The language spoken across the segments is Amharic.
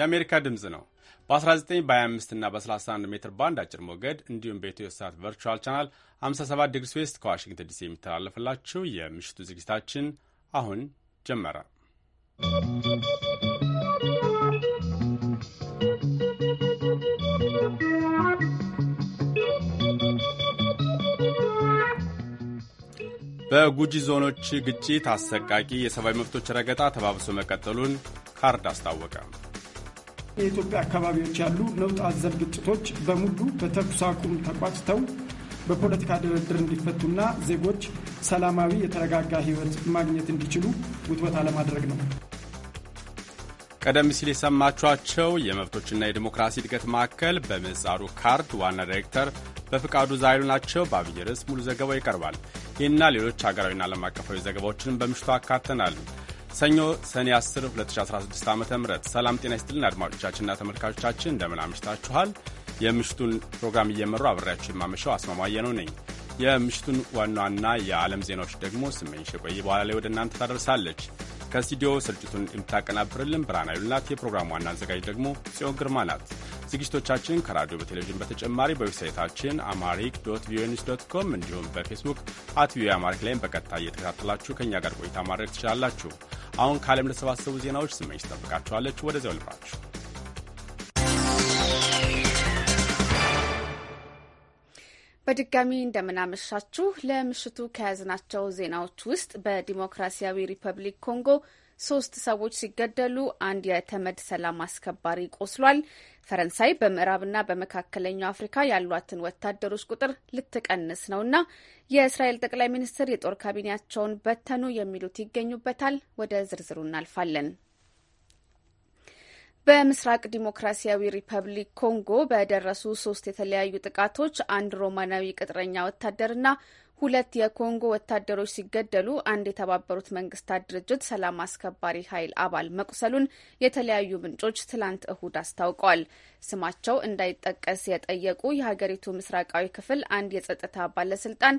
የአሜሪካ ድምፅ ነው። በ19 በ25 እና በ31 ሜትር ባንድ አጭር ሞገድ እንዲሁም በኢትዮ ሳት ቨርቹዋል ቻናል 57 ዲግሪ ስዌስት ከዋሽንግተን ዲሲ የሚተላለፍላችሁ የምሽቱ ዝግጅታችን አሁን ጀመረ። በጉጂ ዞኖች ግጭት አሰቃቂ የሰብአዊ መብቶች ረገጣ ተባብሶ መቀጠሉን ካርድ አስታወቀ። የኢትዮጵያ አካባቢዎች ያሉ ነውጥ አዘል ግጭቶች በሙሉ በተኩስ አቁም ተቋጭተው በፖለቲካ ድርድር እንዲፈቱና ዜጎች ሰላማዊ የተረጋጋ ሕይወት ማግኘት እንዲችሉ ውትወታ ለማድረግ ነው። ቀደም ሲል የሰማችኋቸው የመብቶችና የዲሞክራሲ እድገት ማዕከል በምህጻሩ ካርድ ዋና ዳይሬክተር በፍቃዱ ዛይሉ ናቸው። በአብይ ርዕስ ሙሉ ዘገባው ይቀርባል። ይህና ሌሎች ሀገራዊና ዓለም አቀፋዊ ዘገባዎችንም በምሽቱ አካተናል። ሰኞ ሰኔ 10 2016 ዓ ም ሰላም ጤና ይስጥልን አድማጮቻችንና ተመልካቾቻችን እንደምን አምሽታችኋል። የምሽቱን ፕሮግራም እየመሩ አብሬያችሁ የማመሻው አስማማየ ነው ነኝ። የምሽቱን ዋና ዋና የዓለም ዜናዎች ደግሞ ስመኝሽ የቆየ በኋላ ላይ ወደ እናንተ ታደርሳለች። ከስቱዲዮ ስርጭቱን የምታቀናብርልን ብርሃን ኃይሉ የፕሮግራሙ ዋና አዘጋጅ ደግሞ ጽዮን ግርማ ናት። ዝግጅቶቻችን ከራዲዮ በቴሌቪዥን በተጨማሪ በዌብሳይታችን አማሪክ ዶት ቪኦኤ ኒውስ ዶት ኮም እንዲሁም በፌስቡክ አት ቪኦኤ አማሪክ ላይም በቀጥታ እየተከታተላችሁ ከእኛ ጋር ቆይታ ማድረግ ትችላላችሁ። አሁን ከዓለም ለተሰባሰቡ ዜናዎች ስመኝ ትጠብቃችኋለች። ወደዚያው ልባችሁ በድጋሚ እንደምናመሻችሁ። ለምሽቱ ከያዝናቸው ዜናዎች ውስጥ በዲሞክራሲያዊ ሪፐብሊክ ኮንጎ ሶስት ሰዎች ሲገደሉ አንድ የተመድ ሰላም አስከባሪ ቆስሏል። ፈረንሳይ በምዕራብና በመካከለኛው አፍሪካ ያሏትን ወታደሮች ቁጥር ልትቀንስ ነውና የእስራኤል ጠቅላይ ሚኒስትር የጦር ካቢኔያቸውን በተኑ የሚሉት ይገኙበታል። ወደ ዝርዝሩ እናልፋለን። በምስራቅ ዲሞክራሲያዊ ሪፐብሊክ ኮንጎ በደረሱ ሶስት የተለያዩ ጥቃቶች አንድ ሮማናዊ ቅጥረኛ ወታደርና ሁለት የኮንጎ ወታደሮች ሲገደሉ አንድ የተባበሩት መንግስታት ድርጅት ሰላም አስከባሪ ኃይል አባል መቁሰሉን የተለያዩ ምንጮች ትላንት እሁድ አስታውቀዋል። ስማቸው እንዳይጠቀስ የጠየቁ የሀገሪቱ ምስራቃዊ ክፍል አንድ የጸጥታ ባለስልጣን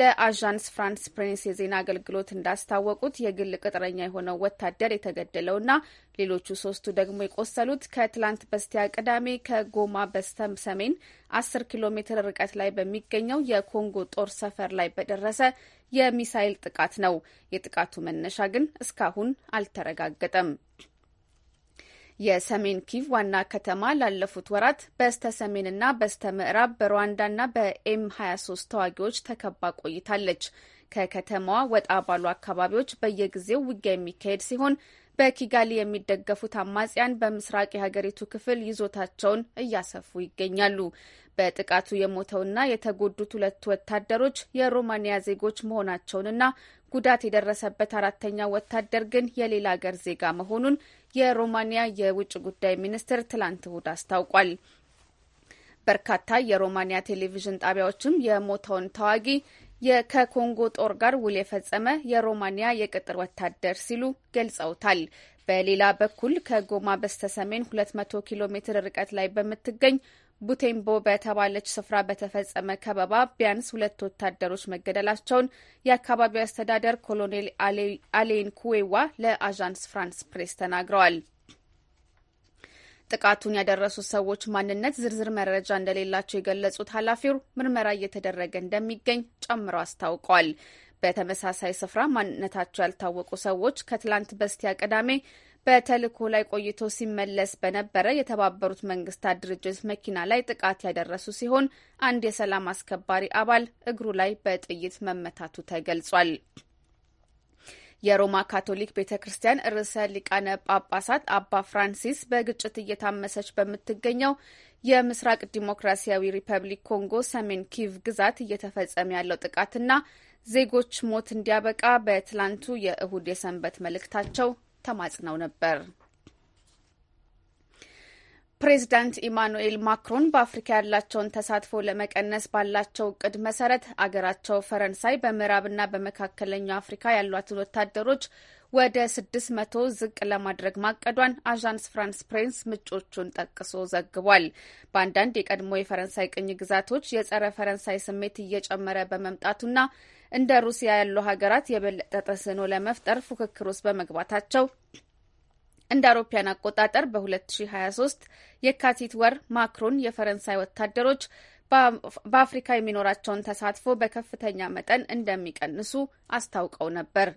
ለአዣንስ ፍራንስ ፕሬንስ የዜና አገልግሎት እንዳስታወቁት የግል ቅጥረኛ የሆነው ወታደር የተገደለው እና ሌሎቹ ሶስቱ ደግሞ የቆሰሉት ከትላንት በስቲያ ቅዳሜ ከጎማ በስተ ሰሜን አስር ኪሎ ሜትር ርቀት ላይ በሚገኘው የኮንጎ ጦር ሰፈር ላይ በደረሰ የሚሳይል ጥቃት ነው። የጥቃቱ መነሻ ግን እስካሁን አልተረጋገጠም። የሰሜን ኪቭ ዋና ከተማ ላለፉት ወራት በስተ ሰሜንና በስተ ምዕራብ በሩዋንዳና በኤም 23 ተዋጊዎች ተከባ ቆይታለች። ከከተማዋ ወጣ ባሉ አካባቢዎች በየጊዜው ውጊያ የሚካሄድ ሲሆን በኪጋሊ የሚደገፉት አማጽያን በምስራቅ የሀገሪቱ ክፍል ይዞታቸውን እያሰፉ ይገኛሉ። በጥቃቱ የሞተውና የተጎዱት ሁለት ወታደሮች የሮማኒያ ዜጎች መሆናቸውንና ጉዳት የደረሰበት አራተኛ ወታደር ግን የሌላ አገር ዜጋ መሆኑን የሮማኒያ የውጭ ጉዳይ ሚኒስትር ትላንት እሁድ አስታውቋል። በርካታ የሮማኒያ ቴሌቪዥን ጣቢያዎችም የሞተውን ተዋጊ ከኮንጎ ጦር ጋር ውል የፈጸመ የሮማኒያ የቅጥር ወታደር ሲሉ ገልጸውታል። በሌላ በኩል ከጎማ በስተሰሜን 200 ኪሎ ሜትር ርቀት ላይ በምትገኝ ቡቴምቦ በተባለች ስፍራ በተፈጸመ ከበባ ቢያንስ ሁለት ወታደሮች መገደላቸውን የአካባቢው አስተዳደር ኮሎኔል አሌን ኩዌዋ ለአዣንስ ፍራንስ ፕሬስ ተናግረዋል። ጥቃቱን ያደረሱ ሰዎች ማንነት ዝርዝር መረጃ እንደሌላቸው የገለጹት ኃላፊው ምርመራ እየተደረገ እንደሚገኝ ጨምሮ አስታውቋል። በተመሳሳይ ስፍራ ማንነታቸው ያልታወቁ ሰዎች ከትላንት በስቲያ ቅዳሜ በተልእኮ ላይ ቆይቶ ሲመለስ በነበረ የተባበሩት መንግስታት ድርጅት መኪና ላይ ጥቃት ያደረሱ ሲሆን አንድ የሰላም አስከባሪ አባል እግሩ ላይ በጥይት መመታቱ ተገልጿል። የሮማ ካቶሊክ ቤተ ክርስቲያን ርዕሰ ሊቃነ ጳጳሳት አባ ፍራንሲስ በግጭት እየታመሰች በምትገኘው የምስራቅ ዲሞክራሲያዊ ሪፐብሊክ ኮንጎ ሰሜን ኪቭ ግዛት እየተፈጸመ ያለው ጥቃትና ዜጎች ሞት እንዲያበቃ በትላንቱ የእሁድ የሰንበት መልእክታቸው ተማጽነው ነበር። ፕሬዚዳንት ኢማኑኤል ማክሮን በአፍሪካ ያላቸውን ተሳትፎ ለመቀነስ ባላቸው እቅድ መሰረት አገራቸው ፈረንሳይ በምዕራብና በመካከለኛው አፍሪካ ያሏትን ወታደሮች ወደ ስድስት መቶ ዝቅ ለማድረግ ማቀዷን አዣንስ ፍራንስ ፕሬንስ ምንጮቹን ጠቅሶ ዘግቧል። በአንዳንድ የቀድሞ የፈረንሳይ ቅኝ ግዛቶች የጸረ ፈረንሳይ ስሜት እየጨመረ በመምጣቱና እንደ ሩሲያ ያሉ ሀገራት የበለጠ ተጽዕኖ ለመፍጠር ፉክክር ውስጥ በመግባታቸው እንደ አውሮፓያን አቆጣጠር በ2023 የካቲት ወር ማክሮን የፈረንሳይ ወታደሮች በአፍሪካ የሚኖራቸውን ተሳትፎ በከፍተኛ መጠን እንደሚቀንሱ አስታውቀው ነበር።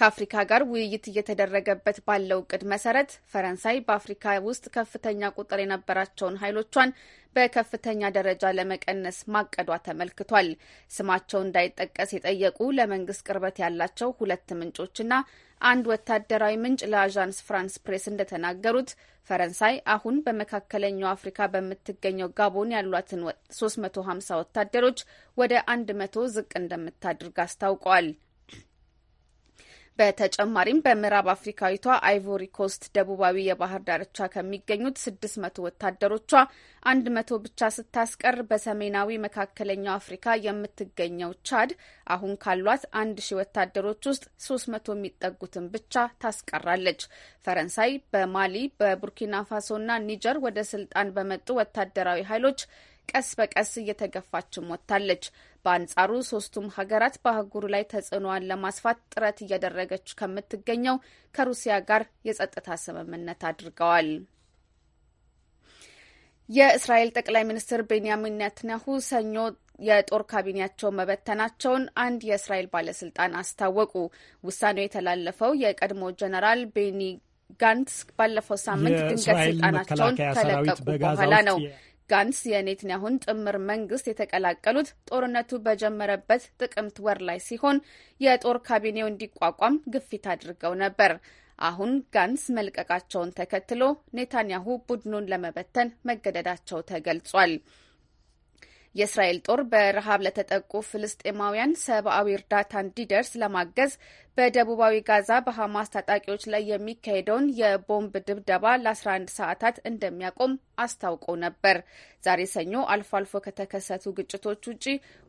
ከአፍሪካ ጋር ውይይት እየተደረገበት ባለው እቅድ መሰረት ፈረንሳይ በአፍሪካ ውስጥ ከፍተኛ ቁጥር የነበራቸውን ኃይሎቿን በከፍተኛ ደረጃ ለመቀነስ ማቀዷ ተመልክቷል። ስማቸው እንዳይጠቀስ የጠየቁ ለመንግስት ቅርበት ያላቸው ሁለት ምንጮችና አንድ ወታደራዊ ምንጭ ለአዣንስ ፍራንስ ፕሬስ እንደተናገሩት ፈረንሳይ አሁን በመካከለኛው አፍሪካ በምትገኘው ጋቦን ያሏትን 350 ወታደሮች ወደ 100 ዝቅ እንደምታድርግ አስታውቀዋል። በተጨማሪም በምዕራብ አፍሪካዊቷ አይቮሪ ኮስት ደቡባዊ የባህር ዳርቻ ከሚገኙት ስድስት መቶ ወታደሮቿ አንድ መቶ ብቻ ስታስቀር በሰሜናዊ መካከለኛው አፍሪካ የምትገኘው ቻድ አሁን ካሏት አንድ ሺህ ወታደሮች ውስጥ ሶስት መቶ የሚጠጉትን ብቻ ታስቀራለች። ፈረንሳይ በማሊ በቡርኪና ፋሶና ኒጀር ወደ ስልጣን በመጡ ወታደራዊ ኃይሎች ቀስ በቀስ እየተገፋችም ወጥታለች። በአንጻሩ ሶስቱም ሀገራት በአህጉሩ ላይ ተጽዕኖዋን ለማስፋት ጥረት እያደረገች ከምትገኘው ከሩሲያ ጋር የጸጥታ ስምምነት አድርገዋል። የእስራኤል ጠቅላይ ሚኒስትር ቤንያሚን ኔታንያሁ ሰኞ የጦር ካቢኔያቸው መበተናቸውን አንድ የእስራኤል ባለስልጣን አስታወቁ። ውሳኔው የተላለፈው የቀድሞ ጀነራል ቤኒ ጋንትስ ባለፈው ሳምንት ድንገት ስልጣናቸውን ከለቀቁ በኋላ ነው። ጋንስ የኔትንያሁን ጥምር መንግስት የተቀላቀሉት ጦርነቱ በጀመረበት ጥቅምት ወር ላይ ሲሆን የጦር ካቢኔው እንዲቋቋም ግፊት አድርገው ነበር። አሁን ጋንስ መልቀቃቸውን ተከትሎ ኔታንያሁ ቡድኑን ለመበተን መገደዳቸው ተገልጿል። የእስራኤል ጦር በረሃብ ለተጠቁ ፍልስጤማውያን ሰብአዊ እርዳታ እንዲደርስ ለማገዝ በደቡባዊ ጋዛ በሐማስ ታጣቂዎች ላይ የሚካሄደውን የቦምብ ድብደባ ለ11 ሰዓታት እንደሚያቆም አስታውቆ ነበር። ዛሬ ሰኞ አልፎ አልፎ ከተከሰቱ ግጭቶች ውጪ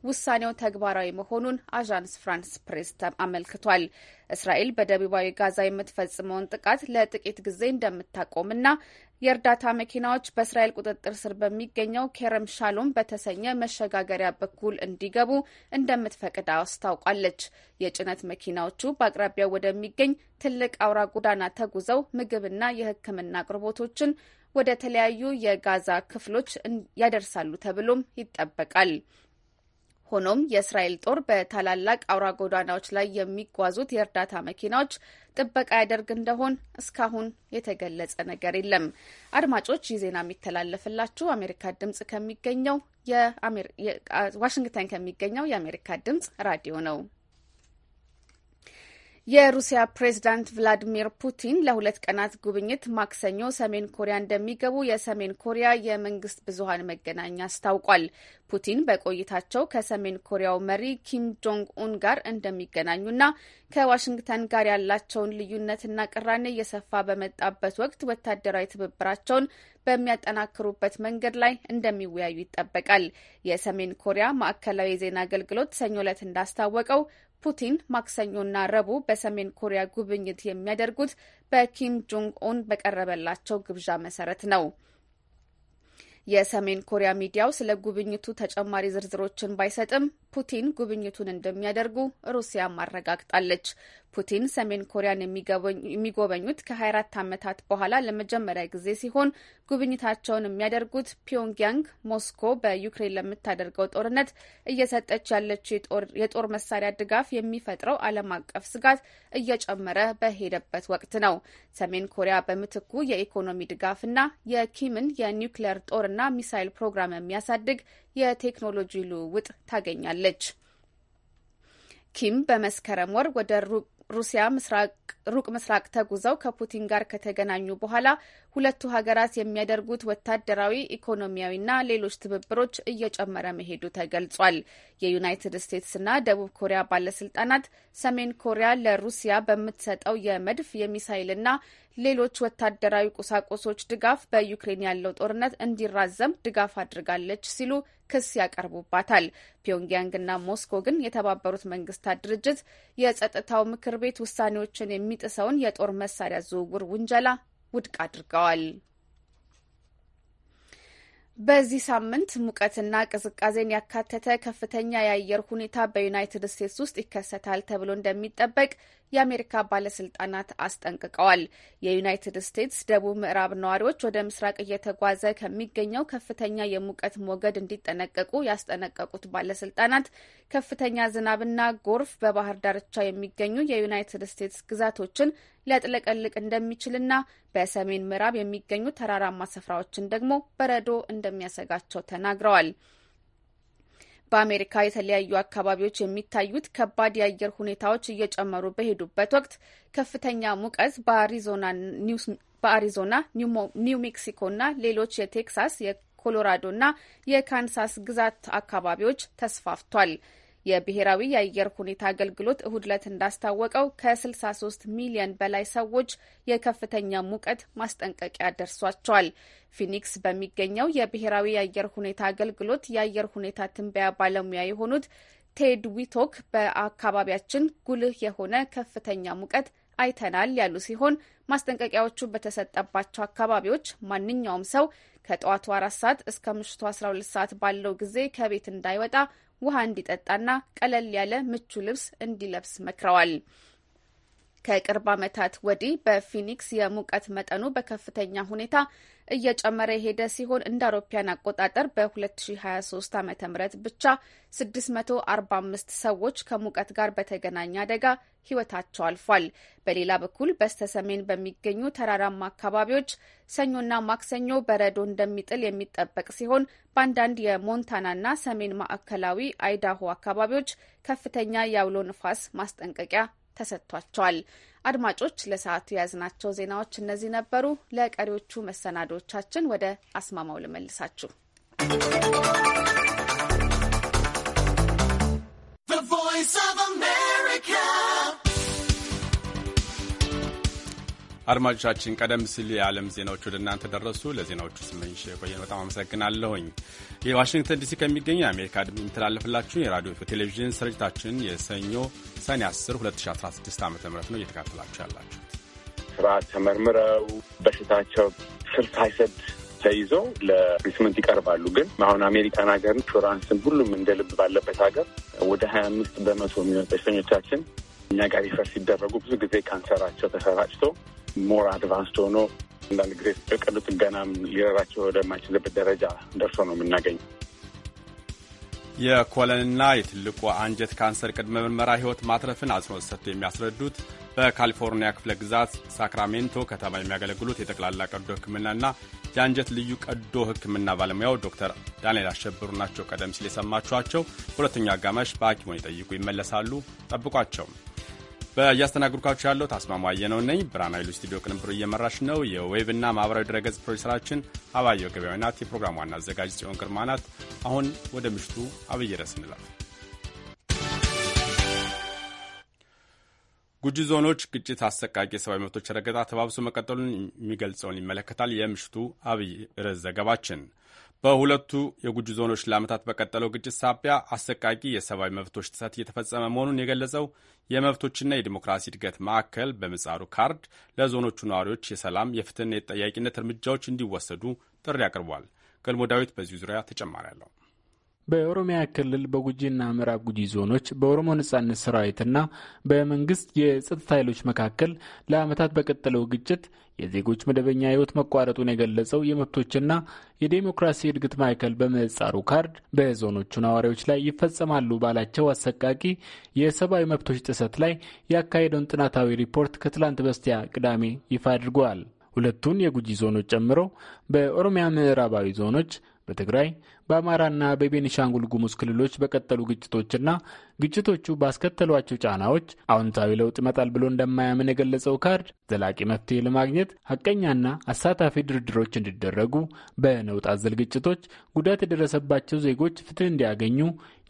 ውሳኔው ተግባራዊ መሆኑን አዣንስ ፍራንስ ፕሬስ አመልክቷል። እስራኤል በደቡባዊ ጋዛ የምትፈጽመውን ጥቃት ለጥቂት ጊዜ እንደምታቆምና የእርዳታ መኪናዎች በእስራኤል ቁጥጥር ስር በሚገኘው ኬረም ሻሎም በተሰኘ መሸጋገሪያ በኩል እንዲገቡ እንደምትፈቅድ አስታውቋለች። የጭነት መኪናዎቹ በአቅራቢያው ወደሚገኝ ትልቅ አውራ ጎዳና ተጉዘው ምግብና የሕክምና አቅርቦቶችን ወደ ተለያዩ የጋዛ ክፍሎች ያደርሳሉ ተብሎም ይጠበቃል። ሆኖም የእስራኤል ጦር በታላላቅ አውራ ጎዳናዎች ላይ የሚጓዙት የእርዳታ መኪናዎች ጥበቃ ያደርግ እንደሆን እስካሁን የተገለጸ ነገር የለም። አድማጮች፣ ይህ ዜና የሚተላለፍላችሁ አሜሪካ ድምጽ ከሚገኘው ዋሽንግተን ከሚገኘው የአሜሪካ ድምጽ ራዲዮ ነው። የሩሲያ ፕሬዝዳንት ቭላዲሚር ፑቲን ለሁለት ቀናት ጉብኝት ማክሰኞ ሰሜን ኮሪያ እንደሚገቡ የሰሜን ኮሪያ የመንግስት ብዙሀን መገናኛ አስታውቋል። ፑቲን በቆይታቸው ከሰሜን ኮሪያው መሪ ኪም ጆንግ ኡን ጋር እንደሚገናኙና ከዋሽንግተን ጋር ያላቸውን ልዩነትና ቅራኔ እየሰፋ በመጣበት ወቅት ወታደራዊ ትብብራቸውን በሚያጠናክሩበት መንገድ ላይ እንደሚወያዩ ይጠበቃል። የሰሜን ኮሪያ ማዕከላዊ የዜና አገልግሎት ሰኞ ዕለት እንዳስታወቀው ፑቲን ማክሰኞና ረቡዕ በሰሜን ኮሪያ ጉብኝት የሚያደርጉት በኪም ጆንግ ኦን በቀረበላቸው ግብዣ መሰረት ነው። የሰሜን ኮሪያ ሚዲያው ስለ ጉብኝቱ ተጨማሪ ዝርዝሮችን ባይሰጥም ፑቲን ጉብኝቱን እንደሚያደርጉ ሩሲያ ማረጋግጣለች። ፑቲን ሰሜን ኮሪያን የሚጎበኙት ከ24 ዓመታት በኋላ ለመጀመሪያ ጊዜ ሲሆን ጉብኝታቸውን የሚያደርጉት ፒዮንግያንግ ሞስኮ በዩክሬን ለምታደርገው ጦርነት እየሰጠች ያለችው የጦር መሳሪያ ድጋፍ የሚፈጥረው ዓለም አቀፍ ስጋት እየጨመረ በሄደበት ወቅት ነው። ሰሜን ኮሪያ በምትኩ የኢኮኖሚ ድጋፍና የኪምን የኒውክሌር ጦርና ሚሳይል ፕሮግራም የሚያሳድግ የቴክኖሎጂ ልውውጥ ታገኛለች። ኪም በመስከረም ወር ወደ ሩሲያ ምስራቅ ሩቅ ምስራቅ ተጉዘው ከፑቲን ጋር ከተገናኙ በኋላ ሁለቱ ሀገራት የሚያደርጉት ወታደራዊ፣ ኢኮኖሚያዊና ሌሎች ትብብሮች እየጨመረ መሄዱ ተገልጿል። የዩናይትድ ስቴትስና ደቡብ ኮሪያ ባለስልጣናት ሰሜን ኮሪያ ለሩሲያ በምትሰጠው የመድፍ የሚሳይልና ሌሎች ወታደራዊ ቁሳቁሶች ድጋፍ በዩክሬን ያለው ጦርነት እንዲራዘም ድጋፍ አድርጋለች ሲሉ ክስ ያቀርቡባታል። ፒዮንግያንግና ሞስኮ ግን የተባበሩት መንግስታት ድርጅት የጸጥታው ምክር ቤት ውሳኔዎችን የሚጥሰውን የጦር መሳሪያ ዝውውር ውንጀላ ውድቅ አድርገዋል። በዚህ ሳምንት ሙቀትና ቅዝቃዜን ያካተተ ከፍተኛ የአየር ሁኔታ በዩናይትድ ስቴትስ ውስጥ ይከሰታል ተብሎ እንደሚጠበቅ የአሜሪካ ባለስልጣናት አስጠንቅቀዋል። የዩናይትድ ስቴትስ ደቡብ ምዕራብ ነዋሪዎች ወደ ምስራቅ እየተጓዘ ከሚገኘው ከፍተኛ የሙቀት ሞገድ እንዲጠነቀቁ ያስጠነቀቁት ባለስልጣናት ከፍተኛ ዝናብና ጎርፍ በባህር ዳርቻ የሚገኙ የዩናይትድ ስቴትስ ግዛቶችን ሊያጥለቀልቅ እንደሚችልና በሰሜን ምዕራብ የሚገኙ ተራራማ ስፍራዎችን ደግሞ በረዶ እንደሚያሰጋቸው ተናግረዋል። በአሜሪካ የተለያዩ አካባቢዎች የሚታዩት ከባድ የአየር ሁኔታዎች እየጨመሩ በሄዱበት ወቅት ከፍተኛ ሙቀት በአሪዞና ኒው ሜክሲኮ እና ሌሎች የቴክሳስ የኮሎራዶ እና የካንሳስ ግዛት አካባቢዎች ተስፋፍቷል። የብሔራዊ የአየር ሁኔታ አገልግሎት እሁድ ዕለት እንዳስታወቀው ከ63 ሚሊዮን በላይ ሰዎች የከፍተኛ ሙቀት ማስጠንቀቂያ ደርሷቸዋል። ፊኒክስ በሚገኘው የብሔራዊ የአየር ሁኔታ አገልግሎት የአየር ሁኔታ ትንበያ ባለሙያ የሆኑት ቴድ ዊቶክ በአካባቢያችን ጉልህ የሆነ ከፍተኛ ሙቀት አይተናል ያሉ ሲሆን ማስጠንቀቂያዎቹ በተሰጠባቸው አካባቢዎች ማንኛውም ሰው ከጠዋቱ አራት ሰዓት እስከ ምሽቱ አስራ ሁለት ሰዓት ባለው ጊዜ ከቤት እንዳይወጣ ውሃ እንዲጠጣና ቀለል ያለ ምቹ ልብስ እንዲለብስ መክረዋል። ከቅርብ ዓመታት ወዲህ በፊኒክስ የሙቀት መጠኑ በከፍተኛ ሁኔታ እየጨመረ የሄደ ሲሆን እንደ አውሮፓያን አቆጣጠር በ2023 ዓ ም ብቻ 645 ሰዎች ከሙቀት ጋር በተገናኘ አደጋ ህይወታቸው አልፏል። በሌላ በኩል በስተ ሰሜን በሚገኙ ተራራማ አካባቢዎች ሰኞና ማክሰኞ በረዶ እንደሚጥል የሚጠበቅ ሲሆን በአንዳንድ የሞንታናና ሰሜን ማዕከላዊ አይዳሆ አካባቢዎች ከፍተኛ የአውሎ ንፋስ ማስጠንቀቂያ ተሰጥቷቸዋል። አድማጮች ለሰዓቱ የያዝናቸው ዜናዎች እነዚህ ነበሩ። ለቀሪዎቹ መሰናዶቻችን ወደ አስማማው ልመልሳችሁ። አድማጮቻችን ቀደም ሲል የዓለም ዜናዎች ወደ እናንተ ደረሱ። ለዜናዎቹ ስመኝሽ የቆየን በጣም አመሰግናለሁኝ። የዋሽንግተን ዲሲ ከሚገኘ የአሜሪካ ድምፅ የሚተላለፍላችሁን የራዲዮ ቴሌቪዥን ስርጭታችን የሰኞ ሰኔ 10 2016 ዓ ም ነው እየተካተላችሁ ያላችሁ። ስራ ተመርምረው በሽታቸው ስር ሳይሰድ ተይዞ ለትሪትመንት ይቀርባሉ። ግን አሁን አሜሪካን ሀገር ኢንሹራንስን ሁሉም እንደ ልብ ባለበት ሀገር ወደ 25 በመቶ የሚሆኑ በሽተኞቻችን እኛ ጋር ይፈርስ ሲደረጉ ብዙ ጊዜ ካንሰራቸው ተሰራጭቶ ሞር አድቫንስድ ሆኖ አንዳንድ ጊዜ በቀዶ ጥገናም ሊረራቸው ወደማይችልበት ደረጃ ደርሶ ነው የምናገኘው። የኮለንና የትልቁ አንጀት ካንሰር ቅድመ ምርመራ ህይወት ማትረፍን አጽንኦት ሰጥቶ የሚያስረዱት በካሊፎርኒያ ክፍለ ግዛት ሳክራሜንቶ ከተማ የሚያገለግሉት የጠቅላላ ቀዶ ሕክምናና የአንጀት ልዩ ቀዶ ሕክምና ባለሙያው ዶክተር ዳንኤል አሸብሩ ናቸው። ቀደም ሲል የሰማችኋቸው። በሁለተኛው አጋማሽ በሐኪሞን ይጠይቁ ይመለሳሉ። ጠብቋቸው። በእያስተናግድኳችሁ ያለው ታስማማየ ነው ነኝ። ብርሃን ኃይሉ ስቱዲዮ ቅንብሩ እየመራች ነው። የዌብና ማህበራዊ ድረገጽ ፕሮዲሰራችን አባየው ገበያው ናት። የፕሮግራም ዋና አዘጋጅ ጽዮን ግርማ ናት። አሁን ወደ ምሽቱ አብይ ርዕስ እንላለን። ጉጂ ዞኖች ግጭት አሰቃቂ የሰብአዊ መብቶች ረገጣ ተባብሶ መቀጠሉን የሚገልጸውን ይመለከታል የምሽቱ አብይ ርዕስ ዘገባችን። በሁለቱ የጉጂ ዞኖች ለዓመታት በቀጠለው ግጭት ሳቢያ አሰቃቂ የሰብአዊ መብቶች ጥሰት እየተፈጸመ መሆኑን የገለጸው የመብቶችና የዲሞክራሲ እድገት ማዕከል በምጻሩ ካርድ ለዞኖቹ ነዋሪዎች የሰላም የፍትህና የተጠያቂነት እርምጃዎች እንዲወሰዱ ጥሪ አቅርቧል። ገልሞ ዳዊት በዚህ ዙሪያ ተጨማሪ አለው። በኦሮሚያ ክልል በጉጂና ምዕራብ ጉጂ ዞኖች በኦሮሞ ነጻነት ሰራዊትና በመንግስት የጸጥታ ኃይሎች መካከል ለዓመታት በቀጠለው ግጭት የዜጎች መደበኛ ህይወት መቋረጡን የገለጸው የመብቶችና የዴሞክራሲ እድገት ማዕከል በምህጻሩ ካርድ በዞኖቹ ነዋሪዎች ላይ ይፈጸማሉ ባላቸው አሰቃቂ የሰብአዊ መብቶች ጥሰት ላይ ያካሄደውን ጥናታዊ ሪፖርት ከትላንት በስቲያ ቅዳሜ ይፋ አድርገዋል። ሁለቱን የጉጂ ዞኖች ጨምሮ በኦሮሚያ ምዕራባዊ ዞኖች በትግራይ በአማራና በቤኒሻንጉል ጉሙዝ ክልሎች በቀጠሉ ግጭቶችና ግጭቶቹ ባስከተሏቸው ጫናዎች አዎንታዊ ለውጥ ይመጣል ብሎ እንደማያምን የገለጸው ካርድ ዘላቂ መፍትሄ ለማግኘት ሀቀኛና አሳታፊ ድርድሮች እንዲደረጉ፣ በነውጥ አዘል ግጭቶች ጉዳት የደረሰባቸው ዜጎች ፍትህ እንዲያገኙ፣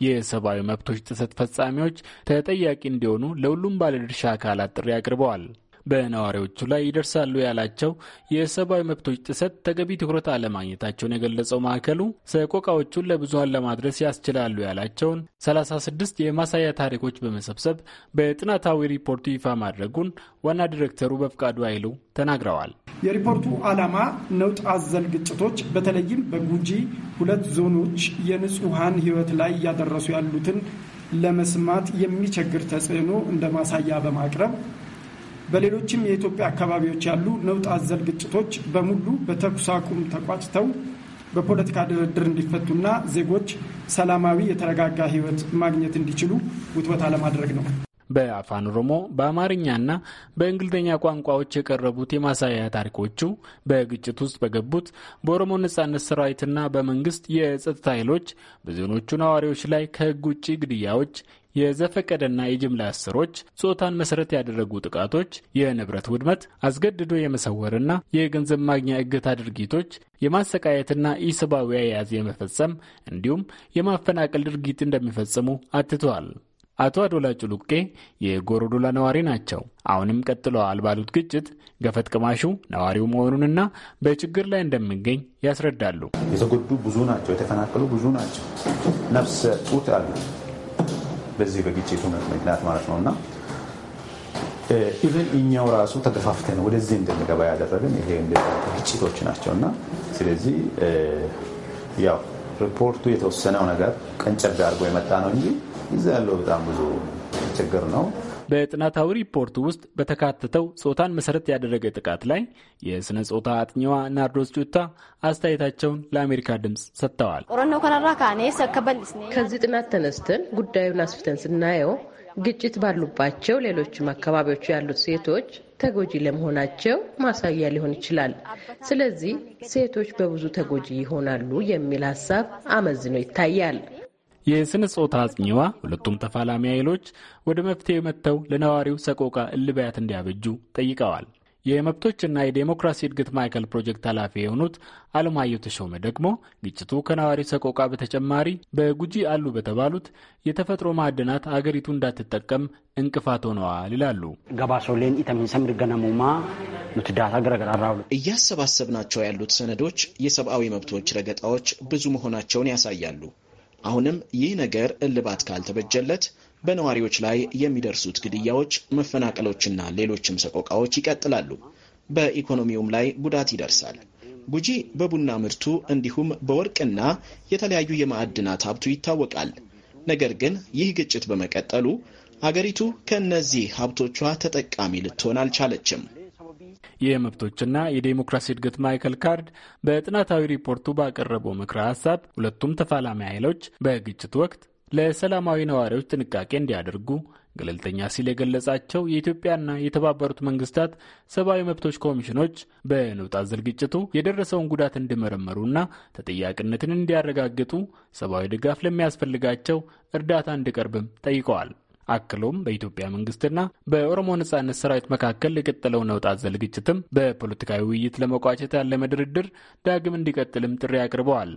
የሰብአዊ መብቶች ጥሰት ፈጻሚዎች ተጠያቂ እንዲሆኑ ለሁሉም ባለድርሻ አካላት ጥሪ አቅርበዋል። በነዋሪዎቹ ላይ ይደርሳሉ ያላቸው የሰብአዊ መብቶች ጥሰት ተገቢ ትኩረት አለማግኘታቸውን የገለጸው ማዕከሉ ሰቆቃዎቹን ለብዙሀን ለማድረስ ያስችላሉ ያላቸውን 36 የማሳያ ታሪኮች በመሰብሰብ በጥናታዊ ሪፖርቱ ይፋ ማድረጉን ዋና ዲሬክተሩ በፍቃዱ አይሉ ተናግረዋል። የሪፖርቱ ዓላማ ነውጥ አዘል ግጭቶች በተለይም በጉጂ ሁለት ዞኖች የንጹሐን ሕይወት ላይ እያደረሱ ያሉትን ለመስማት የሚቸግር ተጽዕኖ እንደ ማሳያ በማቅረብ በሌሎችም የኢትዮጵያ አካባቢዎች ያሉ ነውጥ አዘል ግጭቶች በሙሉ በተኩስ አቁም ተቋጭተው በፖለቲካ ድርድር እንዲፈቱና ዜጎች ሰላማዊ የተረጋጋ ሕይወት ማግኘት እንዲችሉ ውትወታ ለማድረግ ነው። በአፋን ኦሮሞ በአማርኛና በእንግሊዝኛ ቋንቋዎች የቀረቡት የማሳያ ታሪኮቹ በግጭት ውስጥ በገቡት በኦሮሞ ነጻነት ሰራዊትና በመንግስት የጸጥታ ኃይሎች በዞኖቹ ነዋሪዎች ላይ ከህግ ውጭ ግድያዎች፣ የዘፈቀደና የጅምላ እስሮች፣ ጾታን መሰረት ያደረጉ ጥቃቶች፣ የንብረት ውድመት፣ አስገድዶ የመሰወርና የገንዘብ ማግኛ እገታ ድርጊቶች፣ የማሰቃየትና ኢሰብአዊ አያያዝ የመፈጸም እንዲሁም የማፈናቀል ድርጊት እንደሚፈጽሙ አትተዋል። አቶ አዶላ ጭሉቄ የጎሮዶላ ነዋሪ ናቸው። አሁንም ቀጥለዋል ባሉት ግጭት ገፈት ቅማሹ ነዋሪው መሆኑንና በችግር ላይ እንደሚገኝ ያስረዳሉ። የተጎዱ ብዙ ናቸው። የተፈናቀሉ ብዙ ናቸው። ነፍሰ ጡት አሉ በዚህ በግጭቱ ምክንያት ማለት ነው እና ኢቨን እኛው ራሱ ተገፋፍተን ወደዚህ እንድንገባ ያደረግን ይሄ ግጭቶች ናቸው እና ስለዚህ ያው ሪፖርቱ የተወሰነው ነገር ቀንጨብ አድርጎ የመጣ ነው እንጂ እዚ ያለው በጣም ብዙ ችግር ነው። በጥናታዊ ሪፖርት ውስጥ በተካተተው ጾታን መሰረት ያደረገ ጥቃት ላይ የስነ ጾታ አጥኚዋ ናርዶስ ጩታ አስተያየታቸውን ለአሜሪካ ድምፅ ሰጥተዋል። ከዚህ ጥናት ተነስተን ጉዳዩን አስፍተን ስናየው ግጭት ባሉባቸው ሌሎችም አካባቢዎች ያሉት ሴቶች ተጎጂ ለመሆናቸው ማሳያ ሊሆን ይችላል። ስለዚህ ሴቶች በብዙ ተጎጂ ይሆናሉ የሚል ሀሳብ አመዝኖ ይታያል። የስነ ጾታ አጽኚዋ ሁለቱም ተፋላሚ ኃይሎች ወደ መፍትሄ መጥተው ለነዋሪው ሰቆቃ እልባያት እንዲያበጁ ጠይቀዋል። የመብቶችና የዴሞክራሲ እድገት ማዕከል ፕሮጀክት ኃላፊ የሆኑት አለማየሁ ተሾመ ደግሞ ግጭቱ ከነዋሪው ሰቆቃ በተጨማሪ በጉጂ አሉ በተባሉት የተፈጥሮ ማዕድናት አገሪቱ እንዳትጠቀም እንቅፋት ሆነዋል ይላሉ። ገባሶሌን ኢተሚንሰም ድገነሙማ ምትዳታ ገረገራራ እያሰባሰብናቸው ያሉት ሰነዶች የሰብአዊ መብቶች ረገጣዎች ብዙ መሆናቸውን ያሳያሉ። አሁንም ይህ ነገር እልባት ካልተበጀለት በነዋሪዎች ላይ የሚደርሱት ግድያዎች፣ መፈናቀሎችና ሌሎችም ሰቆቃዎች ይቀጥላሉ። በኢኮኖሚውም ላይ ጉዳት ይደርሳል። ጉጂ በቡና ምርቱ እንዲሁም በወርቅና የተለያዩ የማዕድናት ሀብቱ ይታወቃል። ነገር ግን ይህ ግጭት በመቀጠሉ አገሪቱ ከእነዚህ ሀብቶቿ ተጠቃሚ ልትሆን አልቻለችም። የመብቶችና የዴሞክራሲ እድገት ማይከል ካርድ በጥናታዊ ሪፖርቱ ባቀረበው ምክረ ሀሳብ ሁለቱም ተፋላሚ ኃይሎች በግጭት ወቅት ለሰላማዊ ነዋሪዎች ጥንቃቄ እንዲያደርጉ ገለልተኛ ሲል የገለጻቸው የኢትዮጵያና የተባበሩት መንግስታት ሰብአዊ መብቶች ኮሚሽኖች በነውጥ አዘል ግጭቱ የደረሰውን ጉዳት እንዲመረመሩና ተጠያቂነትን እንዲያረጋግጡ ሰብአዊ ድጋፍ ለሚያስፈልጋቸው እርዳታ እንዲቀርብም ጠይቀዋል። አክሎም በኢትዮጵያ መንግስትና በኦሮሞ ነጻነት ሰራዊት መካከል የቀጠለው ነውጥ አዘል ግጭትም በፖለቲካዊ ውይይት ለመቋጨት ያለመ ድርድር ዳግም እንዲቀጥልም ጥሪ አቅርበዋል።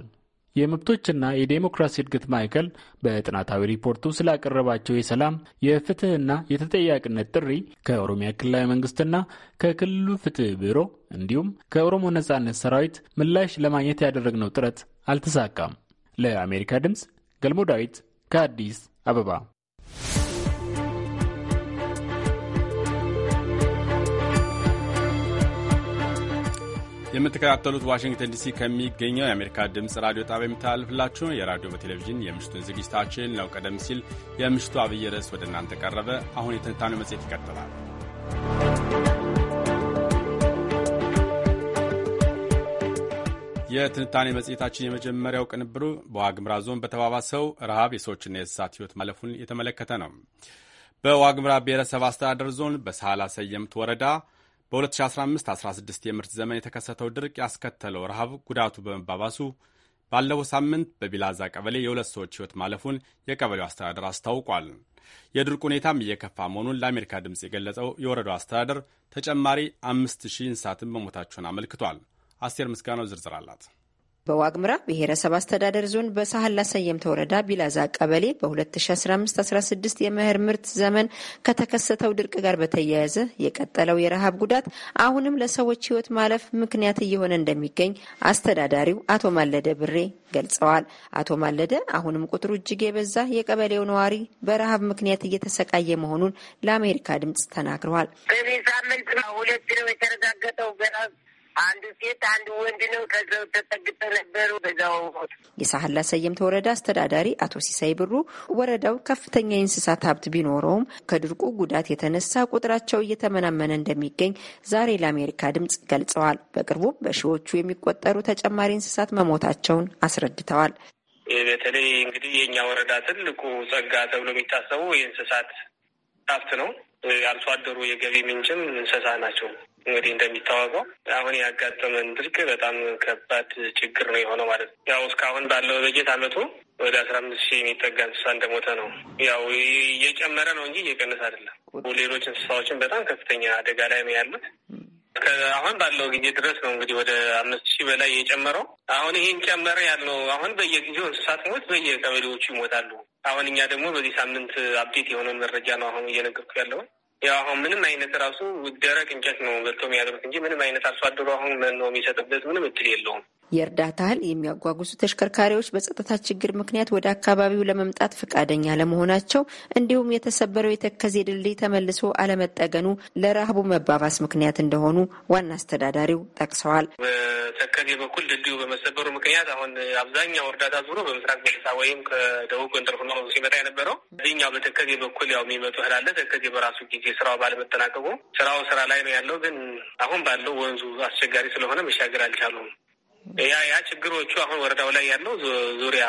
የመብቶችና የዴሞክራሲ እድገት ማዕከል በጥናታዊ ሪፖርቱ ስላቀረባቸው የሰላም የፍትህና የተጠያቂነት ጥሪ ከኦሮሚያ ክልላዊ መንግስትና ከክልሉ ፍትህ ቢሮ እንዲሁም ከኦሮሞ ነጻነት ሰራዊት ምላሽ ለማግኘት ያደረግነው ጥረት አልተሳካም። ለአሜሪካ ድምፅ ገልሞ ዳዊት ከአዲስ አበባ የምትከታተሉት ዋሽንግተን ዲሲ ከሚገኘው የአሜሪካ ድምፅ ራዲዮ ጣቢያ የሚተላለፍላችሁን የራዲዮ በቴሌቪዥን የምሽቱን ዝግጅታችን ነው። ቀደም ሲል የምሽቱ አብይ ርዕስ ወደ እናንተ ቀረበ። አሁን የትንታኔው መጽሔት ይቀጥላል። የትንታኔ መጽሔታችን የመጀመሪያው ቅንብሩ በዋግምራ ዞን በተባባሰው ረሃብ የሰዎችና የእንስሳት ሕይወት ማለፉን የተመለከተ ነው። በዋግምራ ብሔረሰብ አስተዳደር ዞን በሳህላ ሰየምት ወረዳ በ2015/16 የምርት ዘመን የተከሰተው ድርቅ ያስከተለው ረሃብ ጉዳቱ በመባባሱ ባለፈው ሳምንት በቢላዛ ቀበሌ የሁለት ሰዎች ሕይወት ማለፉን የቀበሌው አስተዳደር አስታውቋል። የድርቅ ሁኔታም እየከፋ መሆኑን ለአሜሪካ ድምፅ የገለጸው የወረዳው አስተዳደር ተጨማሪ አምስት ሺህ እንስሳትን መሞታቸውን አመልክቷል። አስቴር ምስጋናው ዝርዝር አላት። በዋግምራ ብሔረሰብ አስተዳደር ዞን በሳህል ሰየምተ ወረዳ ቢላዛ ቀበሌ በ2015/16 የመኸር ምርት ዘመን ከተከሰተው ድርቅ ጋር በተያያዘ የቀጠለው የረሃብ ጉዳት አሁንም ለሰዎች ሕይወት ማለፍ ምክንያት እየሆነ እንደሚገኝ አስተዳዳሪው አቶ ማለደ ብሬ ገልጸዋል። አቶ ማለደ አሁንም ቁጥሩ እጅግ የበዛ የቀበሌው ነዋሪ በረሃብ ምክንያት እየተሰቃየ መሆኑን ለአሜሪካ ድምጽ ተናግረዋል። በዚህ ሳምንት ሁለት ነው የተረጋገጠው በረሃብ አንዱ ሴት አንዱ ወንድ ነው። ከዛው ተጠግጠ ነበሩ። በዛው የሳህላ ሰየምት ወረዳ አስተዳዳሪ አቶ ሲሳይ ብሩ ወረዳው ከፍተኛ የእንስሳት ሀብት ቢኖረውም ከድርቁ ጉዳት የተነሳ ቁጥራቸው እየተመናመነ እንደሚገኝ ዛሬ ለአሜሪካ ድምጽ ገልጸዋል። በቅርቡም በሺዎቹ የሚቆጠሩ ተጨማሪ እንስሳት መሞታቸውን አስረድተዋል። በተለይ እንግዲህ የእኛ ወረዳ ትልቁ ጸጋ ተብሎ የሚታሰቡ የእንስሳት ሀብት ነው። አርሶ አደሩ የገቢ ምንጭም እንስሳ ናቸው። እንግዲህ እንደሚታወቀው አሁን ያጋጠመን ድርቅ በጣም ከባድ ችግር ነው የሆነው ማለት ነው። ያው እስካሁን ባለው በጀት አመቱ ወደ አስራ አምስት ሺህ የሚጠጋ እንስሳ እንደሞተ ነው። ያው እየጨመረ ነው እንጂ እየቀነሰ አይደለም። ሌሎች እንስሳዎችን በጣም ከፍተኛ አደጋ ላይ ነው ያሉት። አሁን ባለው ጊዜ ድረስ ነው እንግዲህ ወደ አምስት ሺህ በላይ የጨመረው። አሁን ይህን ጨመረ ያልነው አሁን በየጊዜው እንስሳት ሞት በየቀበሌዎቹ ይሞታሉ። አሁን እኛ ደግሞ በዚህ ሳምንት አብዴት የሆነውን መረጃ ነው አሁን እየነገርኩ ያለውን ያው አሁን ምንም አይነት ራሱ ደረቅ እንጨት ነው በልቶ የሚያደርጉት እንጂ ምንም አይነት አርሶ አደሩ አሁን መኖ የሚሰጥበት ምንም እድል የለውም። የእርዳታ እህል የሚያጓጉዙ ተሽከርካሪዎች በጸጥታ ችግር ምክንያት ወደ አካባቢው ለመምጣት ፈቃደኛ ለመሆናቸው እንዲሁም የተሰበረው የተከዜ ድልድይ ተመልሶ አለመጠገኑ ለረሃቡ መባባስ ምክንያት እንደሆኑ ዋና አስተዳዳሪው ጠቅሰዋል። በተከዜ በኩል ድልድዩ በመሰበሩ ምክንያት አሁን አብዛኛው እርዳታ ዙሮ በምስራቅ በልሳ ወይም ከደቡብ ጎንደር ሆኖ ሲመጣ የነበረው እዚህኛው በተከዜ በኩል ያው የሚመጡ እህል አለ። ተከዜ በራሱ ጊዜ ስራው ባለመጠናቀቁ ስራው ስራ ላይ ነው ያለው፣ ግን አሁን ባለው ወንዙ አስቸጋሪ ስለሆነ መሻገር አልቻሉም። ያ ያ ችግሮቹ አሁን ወረዳው ላይ ያለው ዙሪያ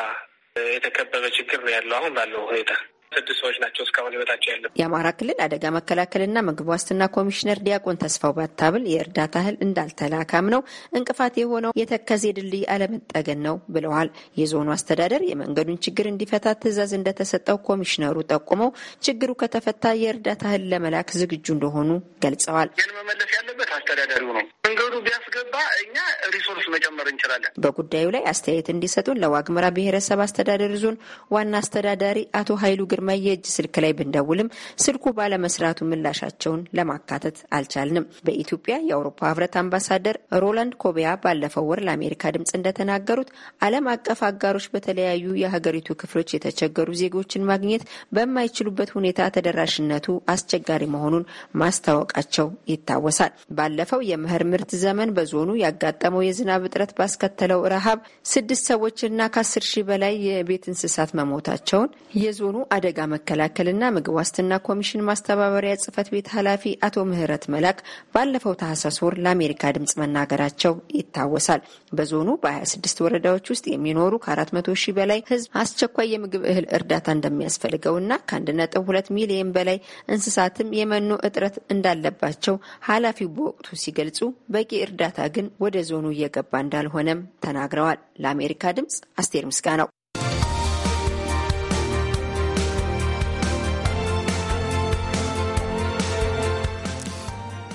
የተከበበ ችግር ነው ያለው አሁን ባለው ሁኔታ ስድስት ሰዎች ናቸው እስካሁን ህይወታቸው ያለ። የአማራ ክልል አደጋ መከላከልና ምግብ ዋስትና ኮሚሽነር ዲያቆን ተስፋው ባታብል የእርዳታ እህል እንዳልተላካም ነው እንቅፋት የሆነው የተከዜ ድልድይ አለመጠገን ነው ብለዋል። የዞኑ አስተዳደር የመንገዱን ችግር እንዲፈታ ትዕዛዝ እንደተሰጠው ኮሚሽነሩ ጠቁመው ችግሩ ከተፈታ የእርዳታ እህል ለመላክ ዝግጁ እንደሆኑ ገልጸዋል። ይህን መመለስ ያለበት አስተዳዳሪው ነው። መንገዱ ቢያስገባ እኛ ሪሶርስ መጨመር እንችላለን። በጉዳዩ ላይ አስተያየት እንዲሰጡን ለዋግምራ ብሔረሰብ አስተዳደር ዞን ዋና አስተዳዳሪ አቶ ሀይሉ ግርማ የእጅ ስልክ ላይ ብንደውልም ስልኩ ባለመስራቱ ምላሻቸውን ለማካተት አልቻልንም። በኢትዮጵያ የአውሮፓ ህብረት አምባሳደር ሮላንድ ኮቢያ ባለፈው ወር ለአሜሪካ ድምጽ እንደተናገሩት ዓለም አቀፍ አጋሮች በተለያዩ የሀገሪቱ ክፍሎች የተቸገሩ ዜጎችን ማግኘት በማይችሉበት ሁኔታ ተደራሽነቱ አስቸጋሪ መሆኑን ማስታወቃቸው ይታወሳል። ባለፈው የመኸር ምርት ዘመን በዞኑ ያጋጠመው የዝናብ እጥረት ባስከተለው ረሃብ ስድስት ሰዎችና ከአስር ሺህ በላይ የቤት እንስሳት መሞታቸውን የዞኑ አደ አደጋ መከላከልና ምግብ ዋስትና ኮሚሽን ማስተባበሪያ ጽህፈት ቤት ኃላፊ አቶ ምህረት መላክ ባለፈው ታህሳስ ወር ለአሜሪካ ድምጽ መናገራቸው ይታወሳል። በዞኑ በ26 ወረዳዎች ውስጥ የሚኖሩ ከ400 ሺህ በላይ ህዝብ አስቸኳይ የምግብ እህል እርዳታ እንደሚያስፈልገው እና ከ1.2 ሚሊዮን በላይ እንስሳትም የመኖ እጥረት እንዳለባቸው ኃላፊው በወቅቱ ሲገልጹ በቂ እርዳታ ግን ወደ ዞኑ እየገባ እንዳልሆነም ተናግረዋል። ለአሜሪካ ድምጽ አስቴር ምስጋ ነው።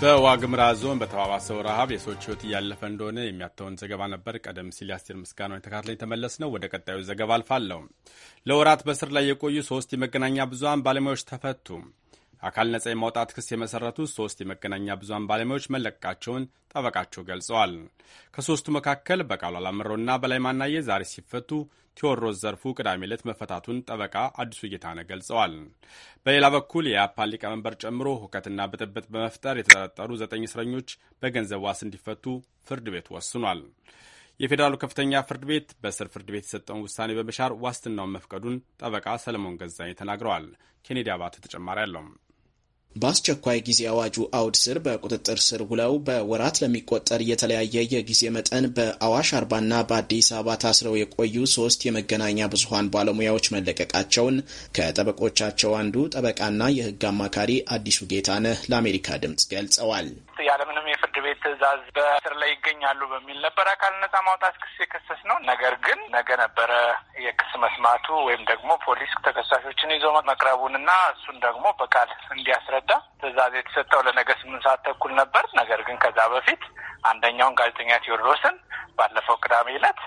በዋግምራ ዞን በተባባሰው ረሃብ የሰዎች ሕይወት እያለፈ እንደሆነ የሚያተውን ዘገባ ነበር። ቀደም ሲል የአስቴር ምስጋናው የተካትለኝ የተመለስ ነው። ወደ ቀጣዩ ዘገባ አልፋለሁ። ለወራት በስር ላይ የቆዩ ሶስት የመገናኛ ብዙሀን ባለሙያዎች ተፈቱ። አካል ነጻ የማውጣት ክስ የመሰረቱ ሶስት የመገናኛ ብዙሀን ባለሙያዎች መለቀቃቸውን ጠበቃቸው ገልጸዋል። ከሶስቱ መካከል በቃሉ አላምረውና በላይ ማናየ ዛሬ ሲፈቱ ቴዎድሮስ ዘርፉ ቅዳሜ ዕለት መፈታቱን ጠበቃ አዲሱ ጌታነህ ገልጸዋል። በሌላ በኩል የአፓን ሊቀመንበር ጨምሮ ሁከትና ብጥብጥ በመፍጠር የተጠረጠሩ ዘጠኝ እስረኞች በገንዘብ ዋስ እንዲፈቱ ፍርድ ቤት ወስኗል። የፌዴራሉ ከፍተኛ ፍርድ ቤት በስር ፍርድ ቤት የሰጠውን ውሳኔ በመሻር ዋስትናውን መፍቀዱን ጠበቃ ሰለሞን ገዛኝ ተናግረዋል። ኬኔዲ አባተ ተጨማሪ አለው። በአስቸኳይ ጊዜ አዋጁ አውድ ስር በቁጥጥር ስር ውለው በወራት ለሚቆጠር የተለያየ የጊዜ መጠን በአዋሽ አርባና በአዲስ አበባ ታስረው የቆዩ ሶስት የመገናኛ ብዙሀን ባለሙያዎች መለቀቃቸውን ከጠበቆቻቸው አንዱ ጠበቃና የህግ አማካሪ አዲሱ ጌታነህ ለአሜሪካ ድምፅ ገልጸዋል። ያለምንም የፍርድ ቤት ትዕዛዝ በእስር ላይ ይገኛሉ በሚል ነበር አካል ነጻ ማውጣት ክስ የከሰስ ነው። ነገር ግን ነገ ነበረ የክስ መስማቱ ወይም ደግሞ ፖሊስ ተከሳሾችን ይዞ መቅረቡን እና እሱን ደግሞ በቃል እንዲያስረዳ ትዕዛዝ የተሰጠው ለነገ ስምንት ሰዓት ተኩል ነበር። ነገር ግን ከዛ በፊት አንደኛውን ጋዜጠኛ ቴዎድሮስን ባለፈው ቅዳሜ ዕለት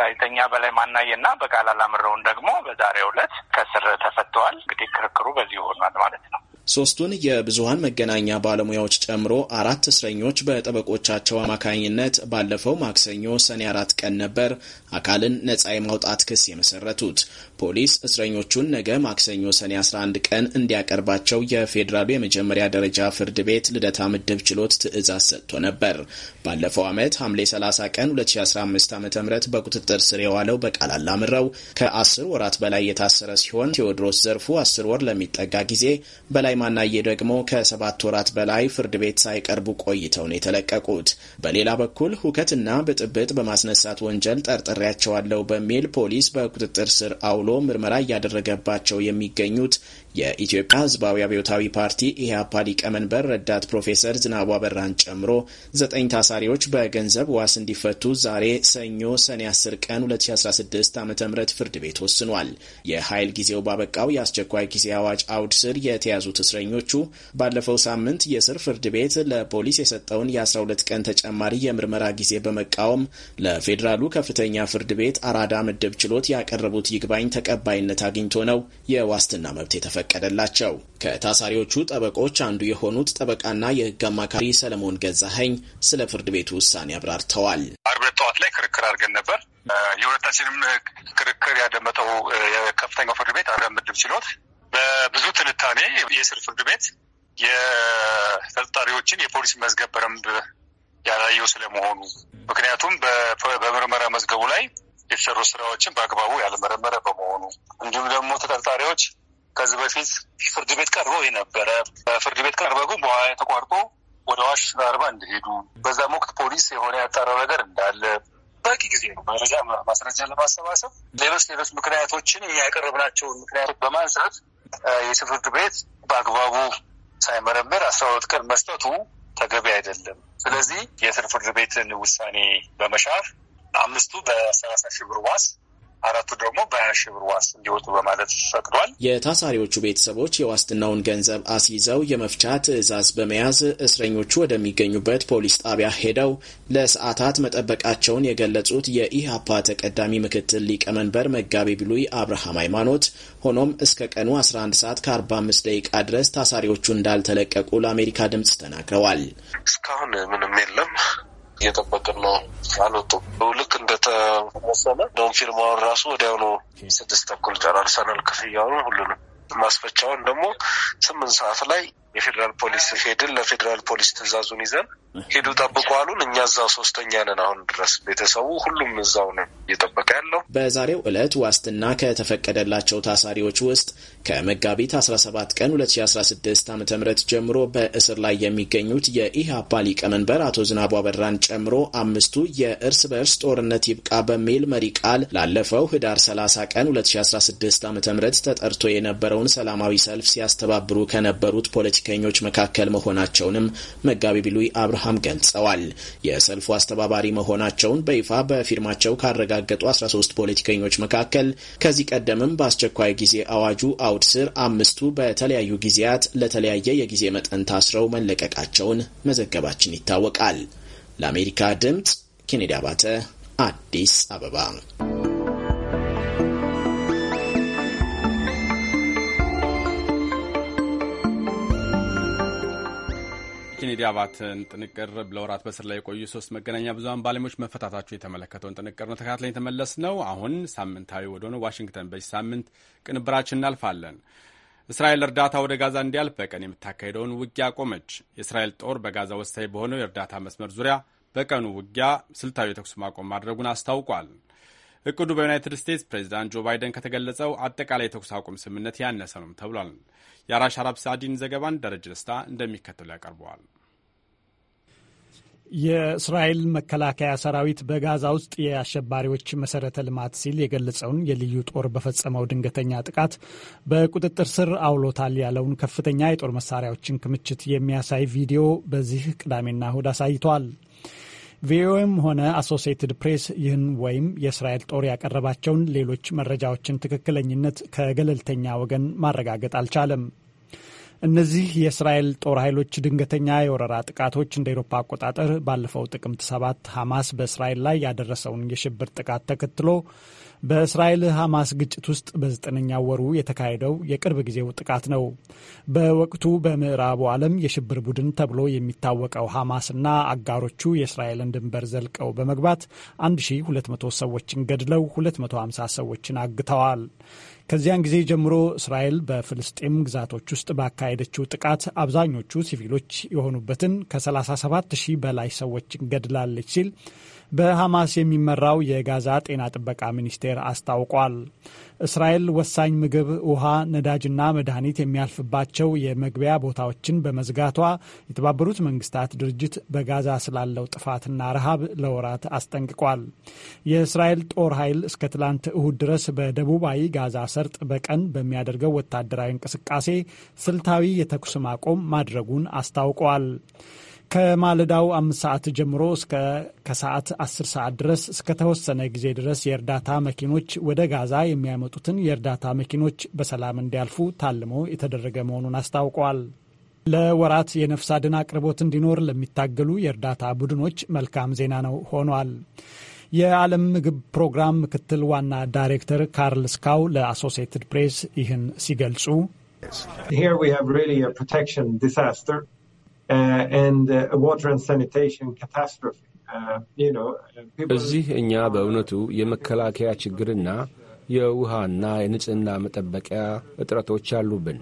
ጋዜጠኛ በላይ ማናየና በቃል አላምረውን ደግሞ በዛሬው ዕለት ከስር ተፈተዋል። እንግዲህ ክርክሩ በዚህ ሆኗል ማለት ነው። ሶስቱን የብዙሀን መገናኛ ባለሙያዎች ጨምሮ አራት እስረኞች በጠበቆቻቸው አማካኝነት ባለፈው ማክሰኞ ሰኔ አራት ቀን ነበር አካልን ነጻ የማውጣት ክስ የመሰረቱት። ፖሊስ እስረኞቹን ነገ ማክሰኞ ሰኔ 11 ቀን እንዲያቀርባቸው የፌዴራሉ የመጀመሪያ ደረጃ ፍርድ ቤት ልደታ ምድብ ችሎት ትዕዛዝ ሰጥቶ ነበር። ባለፈው ዓመት ሐምሌ 30 ቀን 2015 ዓ ም በቁጥጥር ስር የዋለው በቃል አላምረው ከ10 ወራት በላይ የታሰረ ሲሆን ቴዎድሮስ ዘርፉ 10 ወር ለሚጠጋ ጊዜ በላይ ማናዬ ደግሞ ከሰባት ወራት በላይ ፍርድ ቤት ሳይቀርቡ ቆይተው ነው የተለቀቁት። በሌላ በኩል ሁከትና ብጥብጥ በማስነሳት ወንጀል ጠርጠ አስረክቤያቸዋለሁ በሚል ፖሊስ በቁጥጥር ስር አውሎ ምርመራ እያደረገባቸው የሚገኙት የኢትዮጵያ ህዝባዊ አብዮታዊ ፓርቲ ኢህአፓ ሊቀመንበር ረዳት ፕሮፌሰር ዝናቡ አበራን ጨምሮ ዘጠኝ ታሳሪዎች በገንዘብ ዋስ እንዲፈቱ ዛሬ ሰኞ ሰኔ 10 ቀን 2016 ዓ ም ፍርድ ቤት ወስኗል። የኃይል ጊዜው ባበቃው የአስቸኳይ ጊዜ አዋጅ አውድ ስር የተያዙት እስረኞቹ ባለፈው ሳምንት የስር ፍርድ ቤት ለፖሊስ የሰጠውን የ12 ቀን ተጨማሪ የምርመራ ጊዜ በመቃወም ለፌዴራሉ ከፍተኛ ፍርድ ቤት አራዳ ምድብ ችሎት ያቀረቡት ይግባኝ ተቀባይነት አግኝቶ ነው የዋስትና መብት የተፈ ተፈቀደላቸው። ከታሳሪዎቹ ጠበቆች አንዱ የሆኑት ጠበቃና የህግ አማካሪ ሰለሞን ገዛኸኝ ስለ ፍርድ ቤቱ ውሳኔ አብራርተዋል። አርብ ጠዋት ላይ ክርክር አድርገን ነበር። የሁለታችንም ክርክር ያደመጠው የከፍተኛው ፍርድ ቤት አራዳ ምድብ ችሎት በብዙ ትንታኔ የስር ፍርድ ቤት የተጠርጣሪዎችን የፖሊስ መዝገብ በደንብ ያላየው ስለመሆኑ ምክንያቱም በምርመራ መዝገቡ ላይ የተሰሩ ስራዎችን በአግባቡ ያልመረመረ በመሆኑ እንዲሁም ደግሞ ተጠርጣሪዎች ከዚህ በፊት ፍርድ ቤት ቀርቦ የነበረ ፍርድ ቤት ቀርበ ግን በኋላ ተቋርጦ ወደ አዋሽ አርባ እንደሄዱ በዛም ወቅት ፖሊስ የሆነ ያጣራው ነገር እንዳለ በቂ ጊዜ ነው መረጃ ማስረጃ ለማሰባሰብ ሌሎች ሌሎች ምክንያቶችን ያቀረብናቸውን ምክንያቶች በማንሳት የፍርድ ቤት በአግባቡ ሳይመረምር አስራ ሁለት ቀን መስጠቱ ተገቢ አይደለም። ስለዚህ የስር ፍርድ ቤትን ውሳኔ በመሻር አምስቱ በሰላሳ ሺህ ብር ዋስ አራቱ ደግሞ በሀያ ሺህ ብር ዋስ እንዲወጡ በማለት ፈቅዷል። የታሳሪዎቹ ቤተሰቦች የዋስትናውን ገንዘብ አስይዘው የመፍቻ ትዕዛዝ በመያዝ እስረኞቹ ወደሚገኙበት ፖሊስ ጣቢያ ሄደው ለሰዓታት መጠበቃቸውን የገለጹት የኢህአፓ ተቀዳሚ ምክትል ሊቀመንበር መጋቤ ብሉይ አብርሃም ሃይማኖት፣ ሆኖም እስከ ቀኑ 11 ሰዓት ከ45 ደቂቃ ድረስ ታሳሪዎቹ እንዳልተለቀቁ ለአሜሪካ ድምፅ ተናግረዋል። እስካሁን ምንም የለም። እየጠበቅን ነው። አልወጡም። ልክ እንደተመሰለ እንደውም ፊርማውን ራሱ ወዲያውኑ ስድስት ተኩል ጨራርሰናል። ክፍያውን ሁሉንም ማስፈቻውን ደግሞ ስምንት ሰዓት ላይ የፌዴራል ፖሊስ ሄድን። ለፌዴራል ፖሊስ ትዕዛዙን ይዘን ሂዱ ጠብቁ አሉን። እኛ እዛው ሶስተኛ ነን አሁን ድረስ ቤተሰቡ ሁሉም እዛው ነው እየጠበቀ ያለው። በዛሬው ዕለት ዋስትና ከተፈቀደላቸው ታሳሪዎች ውስጥ ከመጋቢት 17 ቀን 2016 ዓ ም ጀምሮ በእስር ላይ የሚገኙት የኢህአፓ ሊቀመንበር አቶ ዝናቡ አበራን ጨምሮ አምስቱ የእርስ በእርስ ጦርነት ይብቃ በሚል መሪ ቃል ላለፈው ህዳር 30 ቀን 2016 ዓ ም ተጠርቶ የነበረውን ሰላማዊ ሰልፍ ሲያስተባብሩ ከነበሩት ፖለቲከኞች መካከል መሆናቸውንም መጋቢ ብሉይ አብርሃ አብርሃም ገልጸዋል። የሰልፉ አስተባባሪ መሆናቸውን በይፋ በፊርማቸው ካረጋገጡ 13 ፖለቲከኞች መካከል ከዚህ ቀደምም በአስቸኳይ ጊዜ አዋጁ አውድ ስር አምስቱ በተለያዩ ጊዜያት ለተለያየ የጊዜ መጠን ታስረው መለቀቃቸውን መዘገባችን ይታወቃል። ለአሜሪካ ድምፅ ኬኔዲ አባተ አዲስ አበባ የኬኔዲ አባትን ጥንቅር ለወራት በስር ላይ የቆዩ ሶስት መገናኛ ብዙኃን ባለሙያዎች መፈታታቸው የተመለከተውን ጥንቅር ነው ተከታትለን የተመለስ ነው። አሁን ሳምንታዊ ወደሆነው ዋሽንግተን በዚህ ሳምንት ቅንብራችን እናልፋለን። እስራኤል እርዳታ ወደ ጋዛ እንዲያልፍ በቀን የምታካሄደውን ውጊያ አቆመች። የእስራኤል ጦር በጋዛ ወሳኝ በሆነው የእርዳታ መስመር ዙሪያ በቀኑ ውጊያ ስልታዊ የተኩስ ማቆም ማድረጉን አስታውቋል። እቅዱ በዩናይትድ ስቴትስ ፕሬዚዳንት ጆ ባይደን ከተገለጸው አጠቃላይ የተኩስ አቁም ስምምነት ያነሰ ነው ተብሏል። የአራሽ አራብ ሳዲን ዘገባን ደረጀ ደስታ እንደሚከተሉ ያቀርበዋል። የእስራኤል መከላከያ ሰራዊት በጋዛ ውስጥ የአሸባሪዎች መሰረተ ልማት ሲል የገለጸውን የልዩ ጦር በፈጸመው ድንገተኛ ጥቃት በቁጥጥር ስር አውሎታል ያለውን ከፍተኛ የጦር መሳሪያዎችን ክምችት የሚያሳይ ቪዲዮ በዚህ ቅዳሜና እሁድ አሳይቷል። ቪኦኤም ሆነ አሶሴትድ ፕሬስ ይህን ወይም የእስራኤል ጦር ያቀረባቸውን ሌሎች መረጃዎችን ትክክለኝነት ከገለልተኛ ወገን ማረጋገጥ አልቻለም። እነዚህ የእስራኤል ጦር ኃይሎች ድንገተኛ የወረራ ጥቃቶች እንደ ኤሮፓ አቆጣጠር ባለፈው ጥቅምት ሰባት ሐማስ በእስራኤል ላይ ያደረሰውን የሽብር ጥቃት ተከትሎ በእስራኤል ሐማስ ግጭት ውስጥ በዘጠነኛ ወሩ የተካሄደው የቅርብ ጊዜው ጥቃት ነው። በወቅቱ በምዕራቡ ዓለም የሽብር ቡድን ተብሎ የሚታወቀው ሐማስና አጋሮቹ የእስራኤልን ድንበር ዘልቀው በመግባት 1200 ሰዎችን ገድለው 250 ሰዎችን አግተዋል። ከዚያን ጊዜ ጀምሮ እስራኤል በፍልስጤም ግዛቶች ውስጥ ባካሄደችው ጥቃት አብዛኞቹ ሲቪሎች የሆኑበትን ከ37 ሺህ በላይ ሰዎች ገድላለች ሲል በሐማስ የሚመራው የጋዛ ጤና ጥበቃ ሚኒስቴር አስታውቋል። እስራኤል ወሳኝ ምግብ፣ ውሃ፣ ነዳጅና መድኃኒት የሚያልፍባቸው የመግቢያ ቦታዎችን በመዝጋቷ የተባበሩት መንግስታት ድርጅት በጋዛ ስላለው ጥፋትና ረሃብ ለወራት አስጠንቅቋል። የእስራኤል ጦር ኃይል እስከ ትላንት እሁድ ድረስ በደቡባዊ ጋዛ ሰርጥ በቀን በሚያደርገው ወታደራዊ እንቅስቃሴ ስልታዊ የተኩስ ማቆም ማድረጉን አስታውቀዋል። ከማለዳው አምስት ሰዓት ጀምሮ እስከ ከሰዓት አስር ሰዓት ድረስ እስከተወሰነ ጊዜ ድረስ የእርዳታ መኪኖች ወደ ጋዛ የሚያመጡትን የእርዳታ መኪኖች በሰላም እንዲያልፉ ታልሞ የተደረገ መሆኑን አስታውቀዋል። ለወራት የነፍስ አድን አቅርቦት እንዲኖር ለሚታገሉ የእርዳታ ቡድኖች መልካም ዜና ነው ሆኗል። የዓለም ምግብ ፕሮግራም ምክትል ዋና ዳይሬክተር ካርል ስካው ለአሶሲየትድ ፕሬስ ይህን ሲገልጹ እዚህ እኛ በእውነቱ የመከላከያ ችግርና የውሃና የንጽህና መጠበቂያ እጥረቶች አሉብን።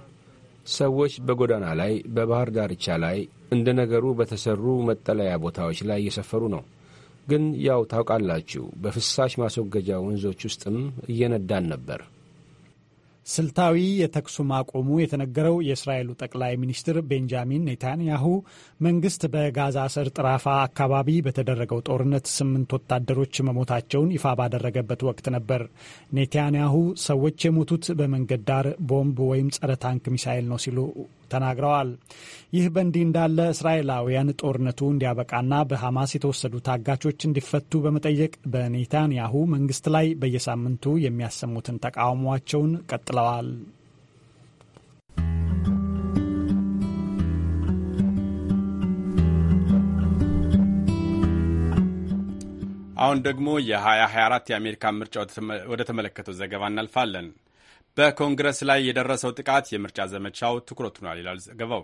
ሰዎች በጎዳና ላይ፣ በባህር ዳርቻ ላይ፣ እንደ ነገሩ በተሰሩ መጠለያ ቦታዎች ላይ እየሰፈሩ ነው። ግን ያው ታውቃላችሁ በፍሳሽ ማስወገጃ ወንዞች ውስጥም እየነዳን ነበር። ስልታዊ የተኩስ ማቆሙ የተነገረው የእስራኤሉ ጠቅላይ ሚኒስትር ቤንጃሚን ኔታንያሁ መንግስት በጋዛ ሰርጥ ራፋ አካባቢ በተደረገው ጦርነት ስምንት ወታደሮች መሞታቸውን ይፋ ባደረገበት ወቅት ነበር። ኔታንያሁ ሰዎች የሞቱት በመንገድ ዳር ቦምብ ወይም ጸረ ታንክ ሚሳይል ነው ሲሉ ተናግረዋል። ይህ በእንዲህ እንዳለ እስራኤላውያን ጦርነቱ እንዲያበቃና በሐማስ የተወሰዱ ታጋቾች እንዲፈቱ በመጠየቅ በኔታንያሁ መንግስት ላይ በየሳምንቱ የሚያሰሙትን ተቃውሟቸውን ቀጥለዋል። አሁን ደግሞ የ2024 የአሜሪካን ምርጫ ወደ ተመለከተው ዘገባ እናልፋለን። በኮንግረስ ላይ የደረሰው ጥቃት የምርጫ ዘመቻው ትኩረት ሆኗል ይላል ዘገባው።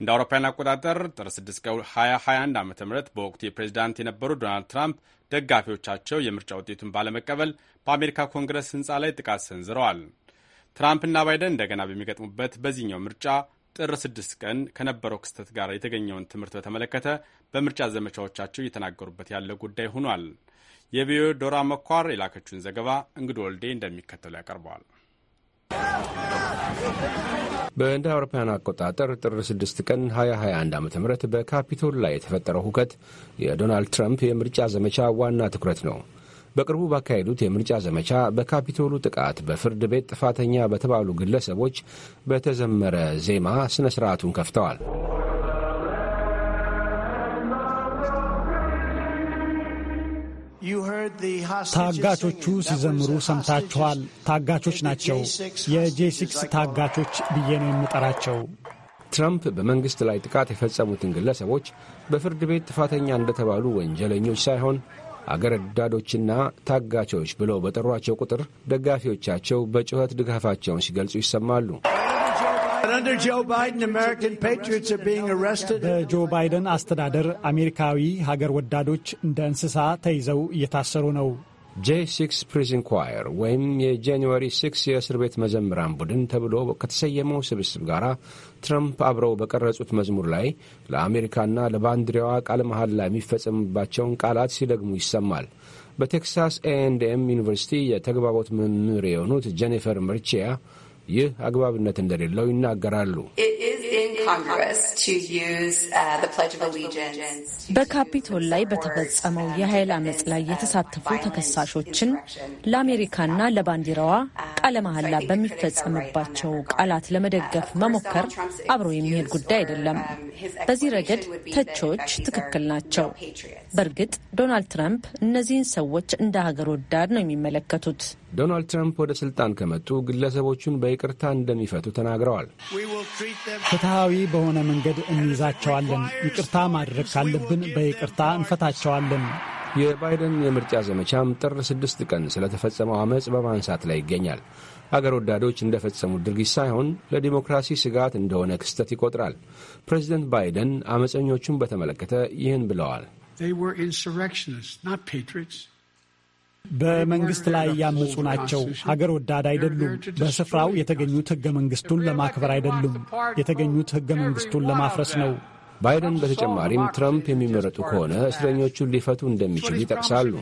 እንደ አውሮፓውያን አቆጣጠር ጥር 6 ቀን 2021 ዓ ም በወቅቱ የፕሬዚዳንት የነበሩ ዶናልድ ትራምፕ ደጋፊዎቻቸው የምርጫ ውጤቱን ባለመቀበል በአሜሪካ ኮንግረስ ህንፃ ላይ ጥቃት ሰንዝረዋል። ትራምፕና ባይደን እንደገና በሚገጥሙበት በዚህኛው ምርጫ ጥር 6 ቀን ከነበረው ክስተት ጋር የተገኘውን ትምህርት በተመለከተ በምርጫ ዘመቻዎቻቸው እየተናገሩበት ያለ ጉዳይ ሆኗል። የቪዮ ዶራ መኳር የላከችውን ዘገባ እንግዶ ወልዴ እንደሚከተሉ ያቀርበዋል። በእንደ አውሮፓውያን አቆጣጠር ጥር 6 ቀን 2021 ዓ ም በካፒቶል ላይ የተፈጠረው ሁከት የዶናልድ ትራምፕ የምርጫ ዘመቻ ዋና ትኩረት ነው። በቅርቡ ባካሄዱት የምርጫ ዘመቻ በካፒቶሉ ጥቃት በፍርድ ቤት ጥፋተኛ በተባሉ ግለሰቦች በተዘመረ ዜማ ሥነ ሥርዓቱን ከፍተዋል። ታጋቾቹ ሲዘምሩ ሰምታችኋል። ታጋቾች ናቸው። የጄ ሲክስ ታጋቾች ብዬ ነው የምጠራቸው። ትራምፕ በመንግሥት ላይ ጥቃት የፈጸሙትን ግለሰቦች በፍርድ ቤት ጥፋተኛ እንደተባሉ ወንጀለኞች ሳይሆን አገር ወዳዶችና ታጋቾች ብለው በጠሯቸው ቁጥር ደጋፊዎቻቸው በጩኸት ድጋፋቸውን ሲገልጹ ይሰማሉ። በጆ ባይደን አስተዳደር አሜሪካዊ ሀገር ወዳዶች እንደ እንስሳ ተይዘው እየታሰሩ ነው። ጄ ሲክስ ፕሪዝን ኳየር ወይም የጃንዋሪ ሲክስ የእስር ቤት መዘምራን ቡድን ተብሎ ከተሰየመው ስብስብ ጋር ትረምፕ አብረው በቀረጹት መዝሙር ላይ ለአሜሪካና ለባንዲራዋ ቃለ ላይ የሚፈጸምባቸውን ቃላት ሲደግሙ ይሰማል። በቴክሳስ ኤ ኤንድ ኤም ዩኒቨርሲቲ የተግባቦት መምህር የሆኑት ጄኒፈር መርቺያ ይህ አግባብነት እንደሌለው ይናገራሉ። uh, በካፒቶል ላይ በተፈጸመው የኃይል አመፅ ላይ የተሳተፉ ተከሳሾችን ለአሜሪካና uh, ለባንዲራዋ ቃለ መሐላ በሚፈጸምባቸው ቃላት ለመደገፍ uh, መሞከር አብሮ የሚሄድ ጉዳይ አይደለም። um, በዚህ ረገድ ተቺዎች ትክክል ናቸው። በእርግጥ ዶናልድ ትራምፕ እነዚህን ሰዎች እንደ ሀገር ወዳድ ነው የሚመለከቱት። ዶናልድ ትራምፕ ወደ ስልጣን ከመጡ ግለሰቦቹን በይቅርታ እንደሚፈቱ ተናግረዋል። ፍትሐዊ በሆነ መንገድ እንይዛቸዋለን። ይቅርታ ማድረግ ካለብን በይቅርታ እንፈታቸዋለን። የባይደን የምርጫ ዘመቻም ጥር ስድስት ቀን ስለተፈጸመው አመፅ በማንሳት ላይ ይገኛል። አገር ወዳዶች እንደፈጸሙት ድርጊት ሳይሆን ለዲሞክራሲ ስጋት እንደሆነ ክስተት ይቆጥራል። ፕሬዚደንት ባይደን አመፀኞቹን በተመለከተ ይህን ብለዋል። በመንግስት ላይ ያመፁ ናቸው። ሀገር ወዳድ አይደሉም። በስፍራው የተገኙት ህገ መንግስቱን ለማክበር አይደሉም። የተገኙት ህገ መንግስቱን ለማፍረስ ነው። ባይደን በተጨማሪም ትራምፕ የሚመረጡ ከሆነ እስረኞቹን ሊፈቱ እንደሚችሉ ይጠቅሳሉ።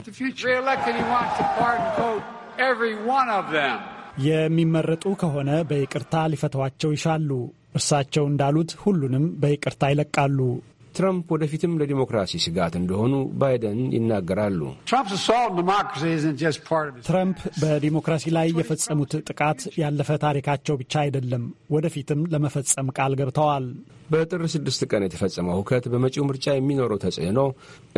የሚመረጡ ከሆነ በይቅርታ ሊፈቷቸው ይሻሉ። እርሳቸው እንዳሉት ሁሉንም በይቅርታ ይለቃሉ። ትራምፕ ወደፊትም ለዲሞክራሲ ስጋት እንደሆኑ ባይደን ይናገራሉ። ትራምፕ በዲሞክራሲ ላይ የፈጸሙት ጥቃት ያለፈ ታሪካቸው ብቻ አይደለም፣ ወደፊትም ለመፈጸም ቃል ገብተዋል። በጥር ስድስት ቀን የተፈጸመው ሁከት በመጪው ምርጫ የሚኖረው ተጽዕኖ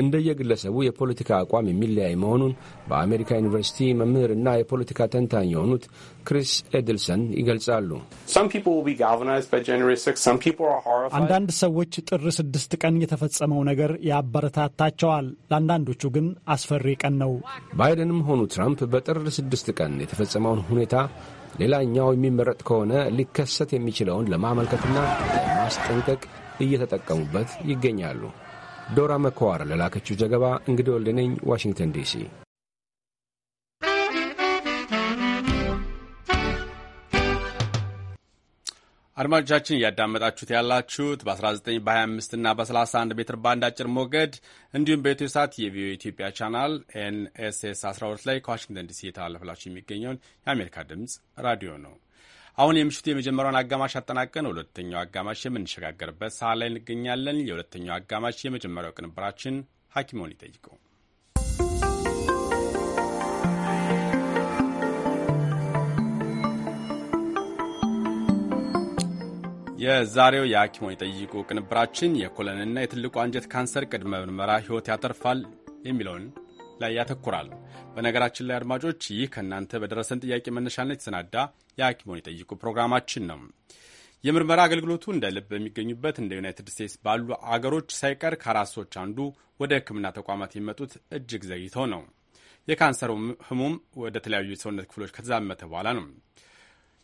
እንደየግለሰቡ የፖለቲካ አቋም የሚለያይ መሆኑን በአሜሪካ ዩኒቨርሲቲ መምህርና የፖለቲካ ተንታኝ የሆኑት ክሪስ ኤድልሰን ይገልጻሉ። አንዳንድ ሰዎች ጥር ስድስት ቀን የተፈጸመው ነገር ያበረታታቸዋል። ለአንዳንዶቹ ግን አስፈሪ ቀን ነው። ባይደንም ሆኑ ትራምፕ በጥር ስድስት ቀን የተፈጸመውን ሁኔታ ሌላኛው የሚመረጥ ከሆነ ሊከሰት የሚችለውን ለማመልከትና ለማስጠንቀቅ እየተጠቀሙበት ይገኛሉ። ዶራ መኮዋር ለላከችው ዘገባ እንግዲህ ወልደነኝ ዋሽንግተን ዲሲ አድማጮቻችን እያዳመጣችሁት ያላችሁት በ19 በ25 እና በ31 ሜትር ባንድ አጭር ሞገድ እንዲሁም በኢትዮ ሳት የቪኦኤ ኢትዮጵያ ቻናል ኤንኤስኤስ 12 ላይ ከዋሽንግተን ዲሲ የተላለፈላችሁ የሚገኘውን የአሜሪካ ድምፅ ራዲዮ ነው። አሁን የምሽቱ የመጀመሪያውን አጋማሽ አጠናቀን ሁለተኛው አጋማሽ የምንሸጋገርበት ሰዓት ላይ እንገኛለን። የሁለተኛው አጋማሽ የመጀመሪያው ቅንብራችን ሐኪሞን ይጠይቀው። የዛሬው የሐኪሞን የጠይቁ ቅንብራችን የኮለንና የትልቁ አንጀት ካንሰር ቅድመ ምርመራ ሕይወት ያተርፋል የሚለውን ላይ ያተኩራል። በነገራችን ላይ አድማጮች፣ ይህ ከእናንተ በደረሰን ጥያቄ መነሻነት የተሰናዳ የሐኪሞን የጠይቁ ፕሮግራማችን ነው። የምርመራ አገልግሎቱ እንደ ልብ በሚገኙበት እንደ ዩናይትድ ስቴትስ ባሉ አገሮች ሳይቀር ከአራት ሰዎች አንዱ ወደ ሕክምና ተቋማት የሚመጡት እጅግ ዘግይተው ነው። የካንሰር ህሙም ወደ ተለያዩ የሰውነት ክፍሎች ከተዛመተ በኋላ ነው።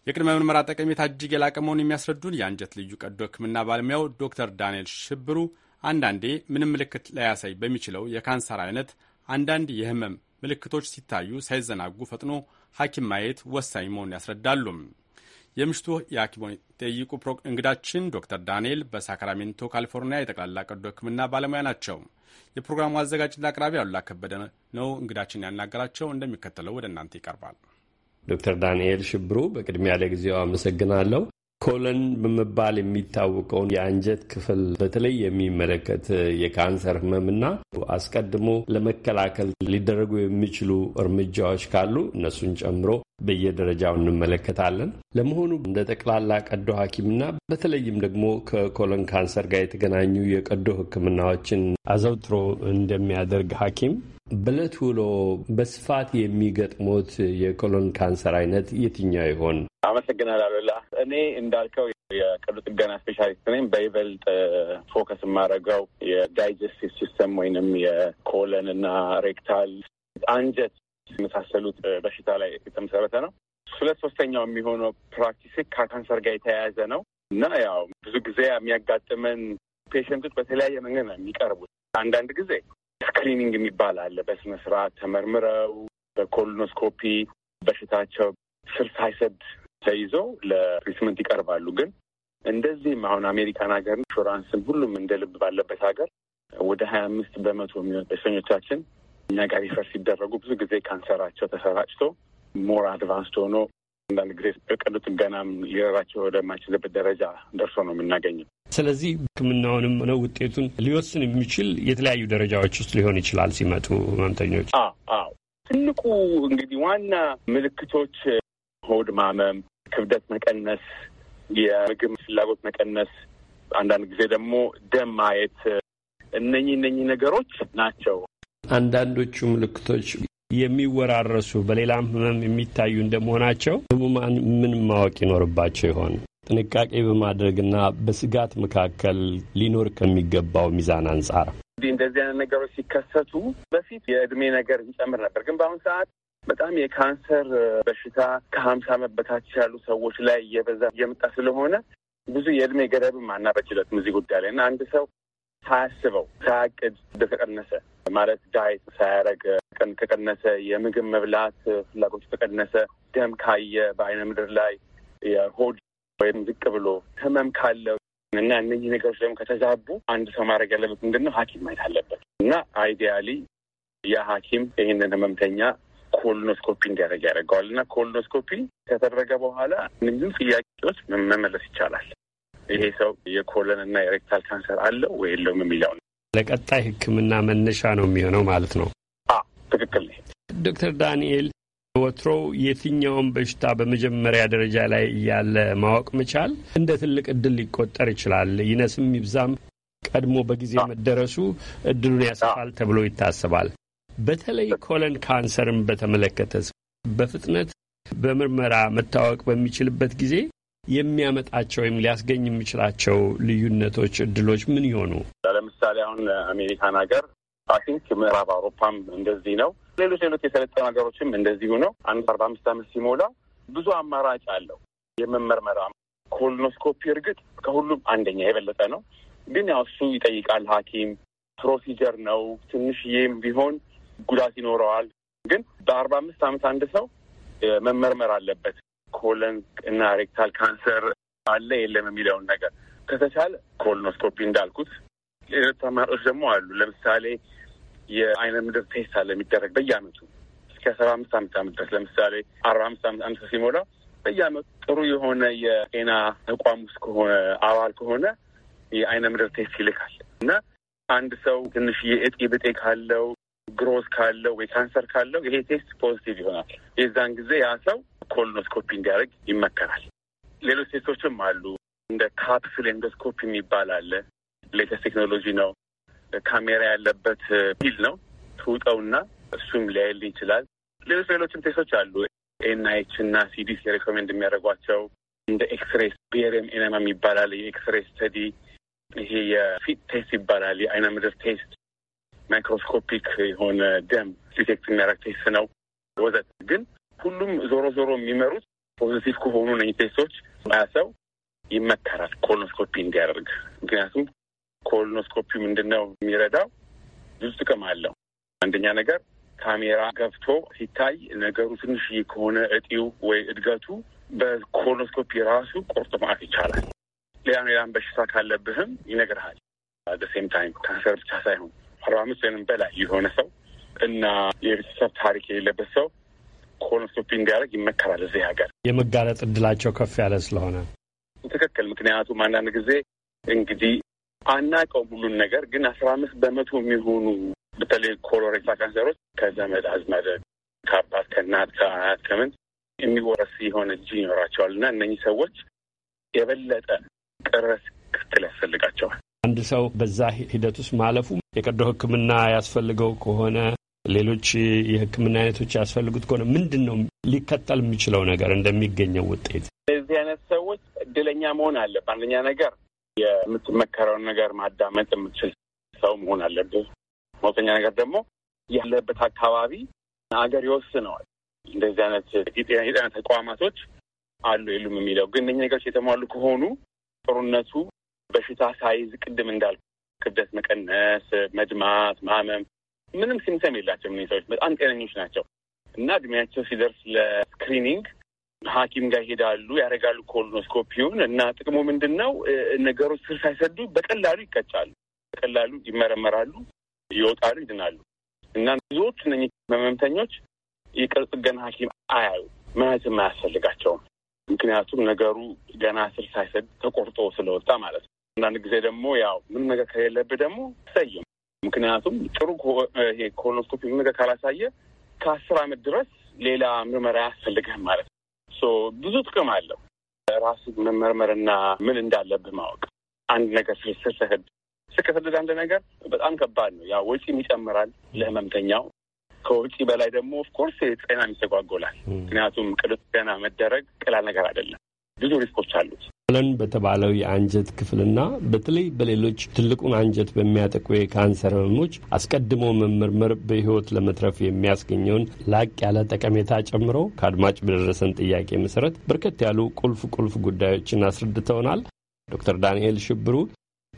የቅድመ ምርመራ ጠቀሜታ እጅግ የላቀ መሆኑን የሚያስረዱን የአንጀት ልዩ ቀዶ ሕክምና ባለሙያው ዶክተር ዳንኤል ሽብሩ አንዳንዴ ምንም ምልክት ላያሳይ በሚችለው የካንሰር አይነት አንዳንድ የህመም ምልክቶች ሲታዩ ሳይዘናጉ ፈጥኖ ሐኪም ማየት ወሳኝ መሆኑን ያስረዳሉ። የምሽቱ የሐኪሞን ጠይቁ እንግዳችን ዶክተር ዳንኤል በሳክራሜንቶ ካሊፎርኒያ የጠቅላላ ቀዶ ሕክምና ባለሙያ ናቸው። የፕሮግራሙ አዘጋጅና አቅራቢ አሉላ ከበደ ነው እንግዳችን ያናገራቸው። እንደሚከተለው ወደ እናንተ ይቀርባል። ዶክተር ዳንኤል ሽብሩ በቅድሚያ ለጊዜው አመሰግናለሁ። ኮለን በመባል የሚታወቀውን የአንጀት ክፍል በተለይ የሚመለከት የካንሰር ህመምና አስቀድሞ ለመከላከል ሊደረጉ የሚችሉ እርምጃዎች ካሉ እነሱን ጨምሮ በየደረጃው እንመለከታለን። ለመሆኑ እንደ ጠቅላላ ቀዶ ሐኪምና በተለይም ደግሞ ከኮለን ካንሰር ጋር የተገናኙ የቀዶ ሕክምናዎችን አዘውትሮ እንደሚያደርግ ሐኪም በዕለት ውሎ በስፋት የሚገጥሙት የኮሎን ካንሰር አይነት የትኛው ይሆን? አመሰግናለሁ አሉላ። እኔ እንዳልከው የቀዶ ጥገና ስፔሻሊስት ነኝ። በይበልጥ ፎከስ የማደርገው የዳይጀስቲቭ ሲስተም ወይንም የኮለን እና ሬክታል አንጀት የመሳሰሉት በሽታ ላይ የተመሰረተ ነው። ሁለት ሶስተኛው የሚሆነው ፕራክቲስ ከካንሰር ጋር የተያያዘ ነው እና ያው ብዙ ጊዜ የሚያጋጥመን ፔሽንቶች በተለያየ መንገድ ነው የሚቀርቡት። አንዳንድ ጊዜ ስክሪኒንግ የሚባል አለ። በስነ ስርዓት ተመርምረው በኮሎኖስኮፒ በሽታቸው ስር ሳይሰድ ተይዘው ለትሪትመንት ይቀርባሉ። ግን እንደዚህም አሁን አሜሪካን ሀገር ኢንሹራንስን ሁሉም እንደ ልብ ባለበት ሀገር ወደ ሀያ አምስት በመቶ የሚሆን በሽተኞቻችን እኛ ጋር ሪፈር ሲደረጉ ብዙ ጊዜ ካንሰራቸው ተሰራጭቶ ሞር አድቫንስድ ሆኖ አንዳንድ ጊዜ በቀዶ ጥገናም ሊረባቸው ወደማይችልበት ደረጃ ደርሶ ነው የምናገኘው። ስለዚህ ሕክምናውንም ነው ውጤቱን ሊወስን የሚችል የተለያዩ ደረጃዎች ውስጥ ሊሆን ይችላል ሲመጡ ህመምተኞች። አዎ ትልቁ እንግዲህ ዋና ምልክቶች ሆድ ማመም፣ ክብደት መቀነስ፣ የምግብ ፍላጎት መቀነስ፣ አንዳንድ ጊዜ ደግሞ ደም ማየት እነኚህ እነኚህ ነገሮች ናቸው። አንዳንዶቹ ምልክቶች የሚወራረሱ በሌላም ህመም የሚታዩ እንደመሆናቸው ህሙማን ምን ማወቅ ይኖርባቸው ይሆን? ጥንቃቄ በማድረግና በስጋት መካከል ሊኖር ከሚገባው ሚዛን አንጻር እንዲህ እንደዚህ አይነት ነገሮች ሲከሰቱ በፊት የእድሜ ነገር ይጨምር ነበር፣ ግን በአሁኑ ሰዓት በጣም የካንሰር በሽታ ከሀምሳ ዓመት በታች ያሉ ሰዎች ላይ እየበዛ እየመጣ ስለሆነ ብዙ የእድሜ ገደብም አናበጅለትም እዚህ ጉዳይ ላይ እና አንድ ሰው ሳያስበው ሳያቅድ እንደተቀነሰ ማለት ዳይት ሳያረግ ቀን ከቀነሰ የምግብ መብላት ፍላጎቱ ከቀነሰ ደም ካየ በአይነ ምድር ላይ የሆድ ወይም ዝቅ ብሎ ህመም ካለው እና እነዚህ ነገሮች ደግሞ ከተዛቡ አንድ ሰው ማድረግ ያለበት ምንድን ነው? ሐኪም ማየት አለበት እና አይዲያሊ ያ ሐኪም ይህንን ህመምተኛ ኮሎኖስኮፒ እንዲያደርግ ያደርገዋል እና ኮሎኖስኮፒ ከተደረገ በኋላ ምንም ጥያቄዎች መመለስ ይቻላል። ይሄ ሰው የኮለን እና የሬክታል ካንሰር አለው ወይ የለውም የሚለው ለቀጣይ ሕክምና መነሻ ነው የሚሆነው ማለት ነው። ትክክል ዶክተር ዳንኤል ወትሮ የትኛውን በሽታ በመጀመሪያ ደረጃ ላይ እያለ ማወቅ መቻል እንደ ትልቅ እድል ሊቆጠር ይችላል። ይነስም ይብዛም ቀድሞ በጊዜ መደረሱ እድሉን ያሰፋል ተብሎ ይታሰባል። በተለይ ኮለን ካንሰርን በተመለከተ በፍጥነት በምርመራ መታወቅ በሚችልበት ጊዜ የሚያመጣቸው ወይም ሊያስገኝ የሚችላቸው ልዩነቶች፣ እድሎች ምን ይሆኑ? ለምሳሌ አሁን አሜሪካን ሀገር አይ ቲንክ ምዕራብ አውሮፓም እንደዚህ ነው። ሌሎች ሌሎች የሰለጠኑ ሀገሮችም እንደዚሁ ነው። አንድ አርባ አምስት ዓመት ሲሞላ ብዙ አማራጭ አለው የመመርመራ ኮሎኖስኮፒ እርግጥ ከሁሉም አንደኛ የበለጠ ነው፣ ግን ያው እሱ ይጠይቃል ሐኪም ፕሮሲጀር ነው። ትንሽዬም ቢሆን ጉዳት ይኖረዋል። ግን በአርባ አምስት ዓመት አንድ ሰው መመርመር አለበት። ኮለን እና ሬክታል ካንሰር አለ የለም የሚለውን ነገር ከተቻለ ኮሎኖስኮፒ እንዳልኩት፣ ሌሎች አማራጮች ደግሞ አሉ። ለምሳሌ የአይነ ምድር ቴስት አለ የሚደረግ በየአመቱ እስከ ሰባ አምስት አመት አመት ድረስ ለምሳሌ አርባ አምስት አመት ዓመት ሲሞላ በየአመቱ ጥሩ የሆነ የጤና ተቋም ውስጥ ከሆነ አባል ከሆነ የአይነ ምድር ቴስት ይልካል እና አንድ ሰው ትንሽ የእጢ ብጤ ካለው ግሮዝ ካለው ወይ ካንሰር ካለው ይሄ ቴስት ፖዚቲቭ ይሆናል። የዛን ጊዜ ያ ሰው ኮሎኖስኮፒ እንዲያደርግ ይመከራል። ሌሎች ቴስቶችም አሉ። እንደ ካፕስል ኤንዶስኮፒ የሚባል አለ። ሌተስ ቴክኖሎጂ ነው። ካሜራ ያለበት ፊል ነው። ትውጠውና እሱም ሊያይልኝ ይችላል። ሌሎች ሌሎችም ቴስቶች አሉ። ኤንአይች እና ሲዲሲ ሬኮሜንድ የሚያደርጓቸው እንደ ኤክስሬስ ቤሪየም ኤነማ ይባላል። የኤክስሬስ ስተዲ ይሄ የፊት ቴስት ይባላል። የአይነ ምድር ቴስት ማይክሮስኮፒክ የሆነ ደም ዲቴክት የሚያደርግ ቴስት ነው ወዘት ግን ሁሉም ዞሮ ዞሮ የሚመሩት ፖዚቲቭ ከሆኑ ነኝ ቴስቶች ሰው ይመከራል ኮሎኖስኮፒ እንዲያደርግ። ምክንያቱም ኮሎኖስኮፒ ምንድን ነው የሚረዳው? ብዙ ጥቅም አለው። አንደኛ ነገር ካሜራ ገብቶ ሲታይ ነገሩ ትንሽ ከሆነ እጢው ወይ እድገቱ በኮሎኖስኮፒ ራሱ ቆርጦ ማወቅ ይቻላል። ሌላ ሌላም በሽታ ካለብህም ይነግርሃል። ሴም ታይም ካንሰር ብቻ ሳይሆን አርባ አምስት ወይም በላይ የሆነ ሰው እና የቤተሰብ ታሪክ የሌለበት ሰው ኮንሱፕ እንዲያደርግ ይመከራል። እዚህ ሀገር የመጋለጥ እድላቸው ከፍ ያለ ስለሆነ ትክክል። ምክንያቱም አንዳንድ ጊዜ እንግዲህ አናውቀውም ሁሉን ነገር ግን አስራ አምስት በመቶ የሚሆኑ በተለይ ኮሎሬክታ ካንሰሮች ከዘመድ አዝማድ ከአባት ከእናት ከአያት ከምን የሚወረስ የሆነ እጅ ይኖራቸዋል እና እነኚህ ሰዎች የበለጠ ቅርበት ክትል ያስፈልጋቸዋል። አንድ ሰው በዛ ሂደት ውስጥ ማለፉ የቀዶ ሕክምና ያስፈልገው ከሆነ ሌሎች የሕክምና አይነቶች ያስፈልጉት ከሆነ ምንድን ነው ሊከተል የሚችለው ነገር እንደሚገኘው ውጤት? እንደዚህ አይነት ሰዎች እድለኛ መሆን አለ። በአንደኛ ነገር የምትመከረውን ነገር ማዳመጥ የምትችል ሰው መሆን አለብህ። ሁለተኛ ነገር ደግሞ ያለበት አካባቢ አገር ይወስነዋል። እንደዚህ አይነት የጤና ተቋማቶች አሉ የሉም የሚለው ግን እነኛ ነገሮች የተሟሉ ከሆኑ ጥሩነቱ በሽታ ሳይዝ ቅድም እንዳልኩ ክብደት መቀነስ፣ መድማት፣ ማመም ምንም ሲምተም የላቸው ሰዎች በጣም ጤነኞች ናቸው እና እድሜያቸው ሲደርስ ለስክሪኒንግ ሐኪም ጋር ይሄዳሉ፣ ያደርጋሉ ኮሎኖስኮፒውን እና ጥቅሙ ምንድን ነው? ነገሮች ስር ሳይሰዱ በቀላሉ ይቀጫሉ፣ በቀላሉ ይመረመራሉ፣ ይወጣሉ፣ ይድናሉ እና ብዙዎቹ ነ መመምተኞች የቅርጽ ጥገና ሐኪም አያዩ መያዝም አያስፈልጋቸውም። ምክንያቱም ነገሩ ገና ስር ሳይሰድ ተቆርጦ ስለወጣ ማለት ነው። አንዳንድ ጊዜ ደግሞ ያው ምንም ነገር ከሌለብህ ደግሞ ሰዩ ምክንያቱም ጥሩ ይሄ ኮሎኖስኮፒ ነገር ካላሳየ ከአስር አመት ድረስ ሌላ ምርመራ አያስፈልግህም ማለት ነው። ብዙ ጥቅም አለው ራሱ መመርመርና ምን እንዳለብህ ማወቅ። አንድ ነገር ስስስህድ ስከስድድ አንድ ነገር በጣም ከባድ ነው። ያ ወጪም ይጨምራል ለህመምተኛው። ከውጪ በላይ ደግሞ ኦፍኮርስ ጤና ይስተጓጎላል። ምክንያቱም ቀዶ ጤና መደረግ ቀላል ነገር አይደለም። ብዙ ሪስኮች አሉት። ለን በተባለው የአንጀት ክፍልና በተለይ በሌሎች ትልቁን አንጀት በሚያጠቁ የካንሰር ህመሞች አስቀድሞ መመርመር በህይወት ለመትረፍ የሚያስገኘውን ላቅ ያለ ጠቀሜታ ጨምሮ ከአድማጭ በደረሰን ጥያቄ መሰረት በርከት ያሉ ቁልፍ ቁልፍ ጉዳዮችን አስረድተውናል። ዶክተር ዳንኤል ሽብሩ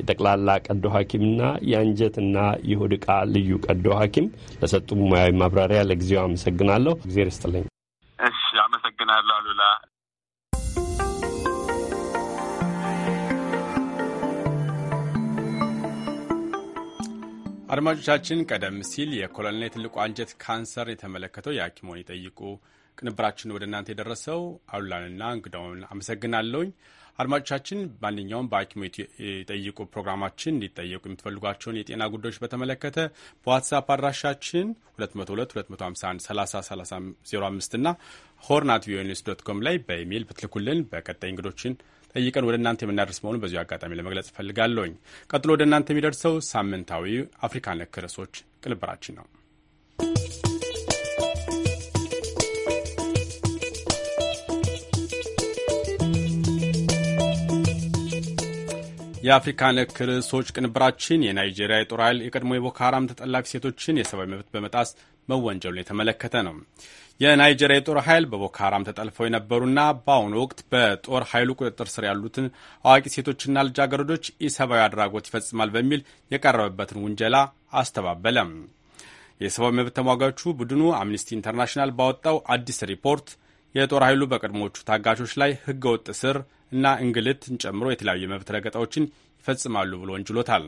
የጠቅላላ ቀዶ ሐኪምና የአንጀትና የሆድ ዕቃ ልዩ ቀዶ ሐኪም ለሰጡ ሙያዊ ማብራሪያ ለጊዜው አመሰግናለሁ። እግዜር ይስጥልኝ። እሺ፣ አመሰግናለሁ አሉላ። አድማጮቻችን ቀደም ሲል የኮሎኔል ትልቁ አንጀት ካንሰር የተመለከተው የሐኪሞን ይጠይቁ ቅንብራችን ወደ እናንተ የደረሰው አሉላንና እንግዳውን አመሰግናለሁኝ። አድማጮቻችን ማንኛውም በሐኪሞ የጠይቁ ፕሮግራማችን እንዲጠየቁ የምትፈልጓቸውን የጤና ጉዳዮች በተመለከተ በዋትሳፕ አድራሻችን 3035 እና ሆርን አት ቪኦኤ ኒውስ ዶት ኮም ላይ በኢሜይል ብትልኩልን በቀጣይ እንግዶችን ጠይቀን ወደ እናንተ የምናደርስ መሆኑን በዚሁ አጋጣሚ ለመግለጽ እፈልጋለሁኝ። ቀጥሎ ወደ እናንተ የሚደርሰው ሳምንታዊ አፍሪካ ነክ ርዕሶች ቅንብራችን ነው። የአፍሪካ ነክ ርዕሶች ቅንብራችን የናይጄሪያ የጦር ኃይል የቀድሞ የቦኮ ሀራም ተጠላፊ ሴቶችን የሰብአዊ መብት በመጣስ መወንጀሉን የተመለከተ ነው። የናይጄሪያ የጦር ኃይል ቦኮ ተጠልፈው የነበሩና በአሁኑ ወቅት በጦር ኃይሉ ቁጥጥር ስር ያሉትን አዋቂ ሴቶችና ልጃገረዶች ኢሰብአዊ አድራጎት ይፈጽማል በሚል የቀረበበትን ውንጀላ አስተባበለም። የሰብአዊ መብት ተሟጋቹ ቡድኑ አምኒስቲ ኢንተርናሽናል ባወጣው አዲስ ሪፖርት የጦር ኃይሉ በቀድሞዎቹ ታጋቾች ላይ ህገወጥ እስር እና እንግልትን ጨምሮ የተለያዩ የመብት ረገጣዎችን ይፈጽማሉ ብሎ ወንጅሎታል።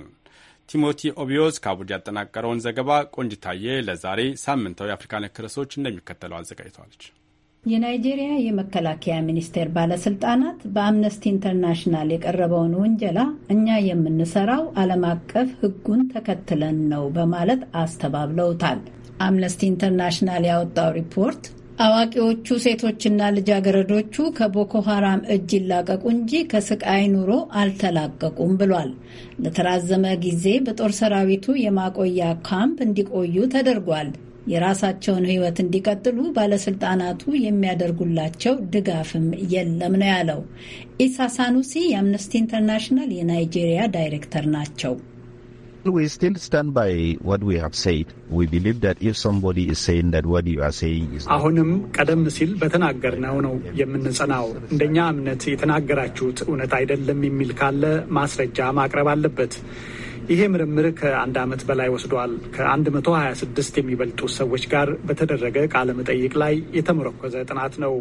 ቲሞቲ ኦቢዮዝ ከአቡጃ ያጠናቀረውን ዘገባ ቆንጅታዬ ለዛሬ ሳምንታዊ የአፍሪካ ነክ ርዕሶች እንደሚከተለው አዘጋጅተዋለች። የናይጄሪያ የመከላከያ ሚኒስቴር ባለስልጣናት በአምነስቲ ኢንተርናሽናል የቀረበውን ውንጀላ እኛ የምንሰራው ዓለም አቀፍ ሕጉን ተከትለን ነው በማለት አስተባብለውታል። አምነስቲ ኢንተርናሽናል ያወጣው ሪፖርት አዋቂዎቹ ሴቶችና ልጃገረዶቹ ከቦኮ ሀራም እጅ ይላቀቁ እንጂ ከስቃይ ኑሮ አልተላቀቁም ብሏል። ለተራዘመ ጊዜ በጦር ሰራዊቱ የማቆያ ካምፕ እንዲቆዩ ተደርጓል። የራሳቸውን ሕይወት እንዲቀጥሉ ባለስልጣናቱ የሚያደርጉላቸው ድጋፍም የለም ነው ያለው። ኢሳ ሳኑሲ የአምነስቲ ኢንተርናሽናል የናይጄሪያ ዳይሬክተር ናቸው። We still stand by what we have said. We believe that if somebody is saying that what you are saying is አሁንም ቀደም ሲል በተናገርነው ነው የምንጸናው። እንደኛ እምነት የተናገራችሁት እውነት አይደለም የሚል ካለ ማስረጃ ማቅረብ አለበት። ይሄ ምርምር ከአንድ ዓመት በላይ ወስዷል። ከ126 የሚበልጡ ሰዎች ጋር በተደረገ ቃለ መጠይቅ ላይ የተመረኮዘ ጥናት ነው።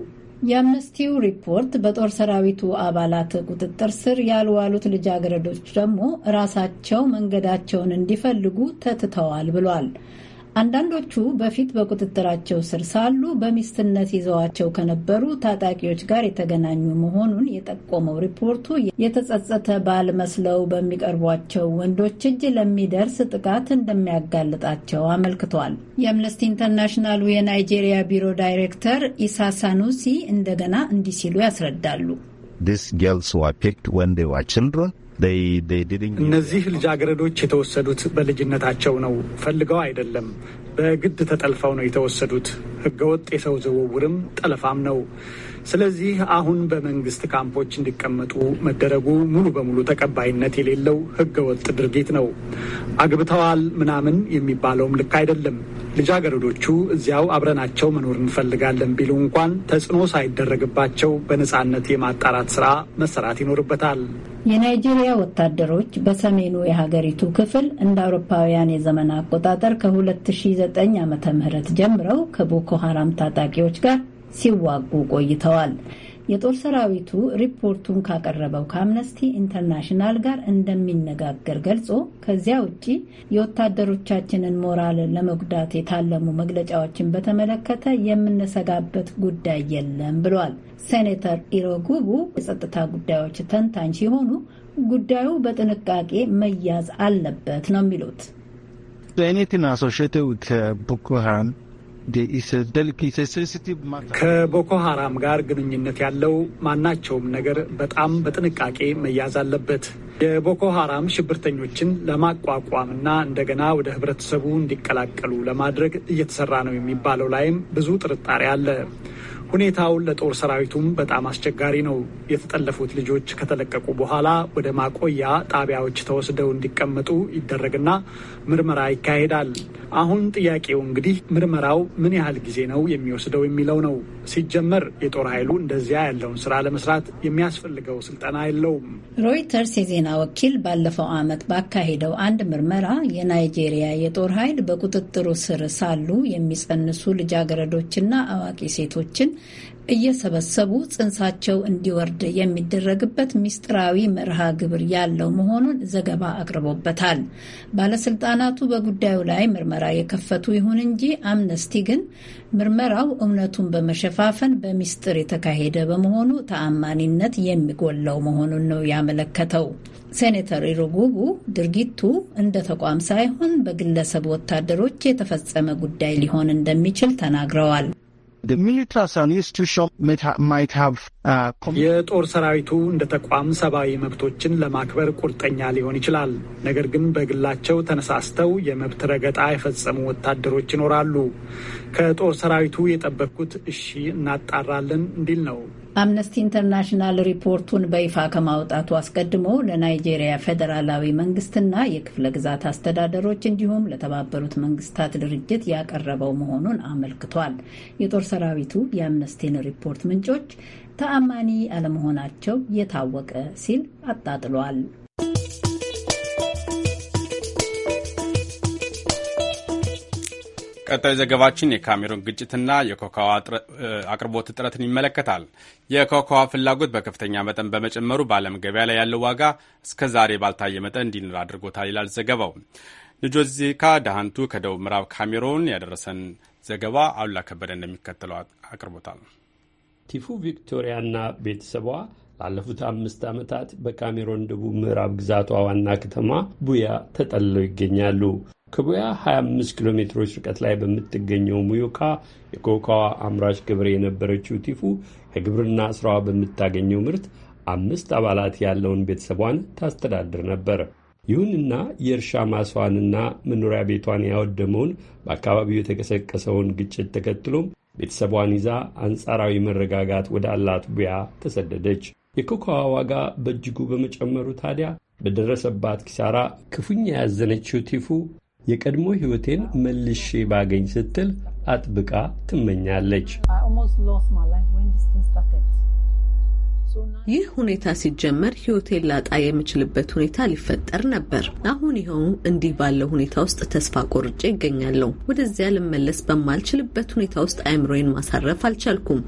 የአምነስቲው ሪፖርት በጦር ሰራዊቱ አባላት ቁጥጥር ስር ያልዋሉት ልጃገረዶች ደግሞ ራሳቸው መንገዳቸውን እንዲፈልጉ ተትተዋል ብሏል። አንዳንዶቹ በፊት በቁጥጥራቸው ስር ሳሉ በሚስትነት ይዘዋቸው ከነበሩ ታጣቂዎች ጋር የተገናኙ መሆኑን የጠቆመው ሪፖርቱ የተጸጸተ ባል መስለው በሚቀርቧቸው ወንዶች እጅ ለሚደርስ ጥቃት እንደሚያጋልጣቸው አመልክቷል። የአምነስቲ ኢንተርናሽናሉ የናይጄሪያ ቢሮ ዳይሬክተር ኢሳ ሳኑሲ እንደገና እንዲህ ሲሉ ያስረዳሉ። እነዚህ ልጃገረዶች የተወሰዱት በልጅነታቸው ነው፣ ፈልገው አይደለም። በግድ ተጠልፈው ነው የተወሰዱት። ህገወጥ የሰው ዝውውርም ጠለፋም ነው። ስለዚህ አሁን በመንግስት ካምፖች እንዲቀመጡ መደረጉ ሙሉ በሙሉ ተቀባይነት የሌለው ህገወጥ ድርጊት ነው። አግብተዋል ምናምን የሚባለውም ልክ አይደለም። ልጃገረዶቹ እዚያው አብረናቸው መኖር እንፈልጋለን ቢሉ እንኳን ተጽዕኖ ሳይደረግባቸው በነጻነት የማጣራት ስራ መሰራት ይኖርበታል። የናይጄሪያ ወታደሮች በሰሜኑ የሀገሪቱ ክፍል እንደ አውሮፓውያን የዘመን አቆጣጠር ከ2009 ም ጀምረው ከቦኮ ሀራም ታጣቂዎች ጋር ሲዋጉ ቆይተዋል። የጦር ሰራዊቱ ሪፖርቱን ካቀረበው ከአምነስቲ ኢንተርናሽናል ጋር እንደሚነጋገር ገልጾ ከዚያ ውጪ የወታደሮቻችንን ሞራል ለመጉዳት የታለሙ መግለጫዎችን በተመለከተ የምንሰጋበት ጉዳይ የለም ብሏል። ሴኔተር ኢሮጉቡ የጸጥታ ጉዳዮች ተንታኝ ሲሆኑ ጉዳዩ በጥንቃቄ መያዝ አለበት ነው የሚሉት። ከቦኮ ሀራም ጋር ግንኙነት ያለው ማናቸውም ነገር በጣም በጥንቃቄ መያዝ አለበት። የቦኮ ሀራም ሽብርተኞችን ለማቋቋም እና እንደገና ወደ ህብረተሰቡ እንዲቀላቀሉ ለማድረግ እየተሰራ ነው የሚባለው ላይም ብዙ ጥርጣሬ አለ። ሁኔታው ለጦር ሰራዊቱም በጣም አስቸጋሪ ነው። የተጠለፉት ልጆች ከተለቀቁ በኋላ ወደ ማቆያ ጣቢያዎች ተወስደው እንዲቀመጡ ይደረግና ምርመራ ይካሄዳል። አሁን ጥያቄው እንግዲህ ምርመራው ምን ያህል ጊዜ ነው የሚወስደው የሚለው ነው። ሲጀመር የጦር ኃይሉ እንደዚያ ያለውን ስራ ለመስራት የሚያስፈልገው ስልጠና የለውም። ሮይተርስ የዜና ወኪል ባለፈው ዓመት ባካሄደው አንድ ምርመራ የናይጄሪያ የጦር ኃይል በቁጥጥሩ ስር ሳሉ የሚጸንሱ ልጃገረዶችና አዋቂ ሴቶችን እየሰበሰቡ ጽንሳቸው እንዲወርድ የሚደረግበት ሚስጥራዊ መርሃ ግብር ያለው መሆኑን ዘገባ አቅርቦበታል። ባለስልጣናቱ በጉዳዩ ላይ ምርመራ የከፈቱ ይሁን እንጂ አምነስቲ ግን ምርመራው እውነቱን በመሸፋፈን በሚስጥር የተካሄደ በመሆኑ ተአማኒነት የሚጎለው መሆኑን ነው ያመለከተው። ሴኔተር ኢሩጉቡ ድርጊቱ እንደ ተቋም ሳይሆን በግለሰብ ወታደሮች የተፈጸመ ጉዳይ ሊሆን እንደሚችል ተናግረዋል። Uh, የጦር ሰራዊቱ እንደ ተቋም ሰብአዊ መብቶችን ለማክበር ቁርጠኛ ሊሆን ይችላል። ነገር ግን በግላቸው ተነሳስተው የመብት ረገጣ የፈጸሙ ወታደሮች ይኖራሉ። ከጦር ሰራዊቱ የጠበቅኩት እሺ እናጣራለን እንዲል ነው። አምነስቲ ኢንተርናሽናል ሪፖርቱን በይፋ ከማውጣቱ አስቀድሞ ለናይጄሪያ ፌዴራላዊ መንግስትና የክፍለ ግዛት አስተዳደሮች እንዲሁም ለተባበሩት መንግስታት ድርጅት ያቀረበው መሆኑን አመልክቷል። የጦር ሰራዊቱ የአምነስቲን ሪፖርት ምንጮች ተአማኒ አለመሆናቸው የታወቀ ሲል አጣጥሏል። ቀጣዩ ዘገባችን የካሜሩን ግጭትና የኮካዋ አቅርቦት እጥረትን ይመለከታል። የኮካዋ ፍላጎት በከፍተኛ መጠን በመጨመሩ በዓለም ገበያ ላይ ያለው ዋጋ እስከ ዛሬ ባልታየ መጠን እንዲንር አድርጎታል ይላል ዘገባው። ንጆዚካ ዳሃንቱ ከደቡብ ምዕራብ ካሜሩን ያደረሰን ዘገባ አሉላ ከበደ እንደሚከተለው አቅርቦታል። ቲፉ ቪክቶሪያና ቤተሰቧ ላለፉት አምስት ዓመታት በካሜሮን ደቡብ ምዕራብ ግዛቷ ዋና ከተማ ቡያ ተጠልለው ይገኛሉ። ከቡያ 25 ኪሎ ሜትሮች ርቀት ላይ በምትገኘው ሙዮካ የኮካዋ አምራች ገበሬ የነበረችው ቲፉ ከግብርና ስራዋ በምታገኘው ምርት አምስት አባላት ያለውን ቤተሰቧን ታስተዳድር ነበር። ይሁንና የእርሻ ማስዋንና መኖሪያ ቤቷን ያወደመውን በአካባቢው የተቀሰቀሰውን ግጭት ተከትሎም ቤተሰቧን ይዛ አንጻራዊ መረጋጋት ወደ አላት ቡያ ተሰደደች። የኮኮዋ ዋጋ በእጅጉ በመጨመሩ ታዲያ በደረሰባት ኪሳራ ክፉኛ ያዘነችው ቲፉ የቀድሞ ሕይወቴን መልሼ ባገኝ ስትል አጥብቃ ትመኛለች። ይህ ሁኔታ ሲጀመር ሕይወቴን ላጣ የምችልበት ሁኔታ ሊፈጠር ነበር። አሁን ይኸው እንዲህ ባለው ሁኔታ ውስጥ ተስፋ ቆርጬ ይገኛለሁ። ወደዚያ ልመለስ በማልችልበት ሁኔታ ውስጥ አይምሮዬን ማሳረፍ አልቻልኩም።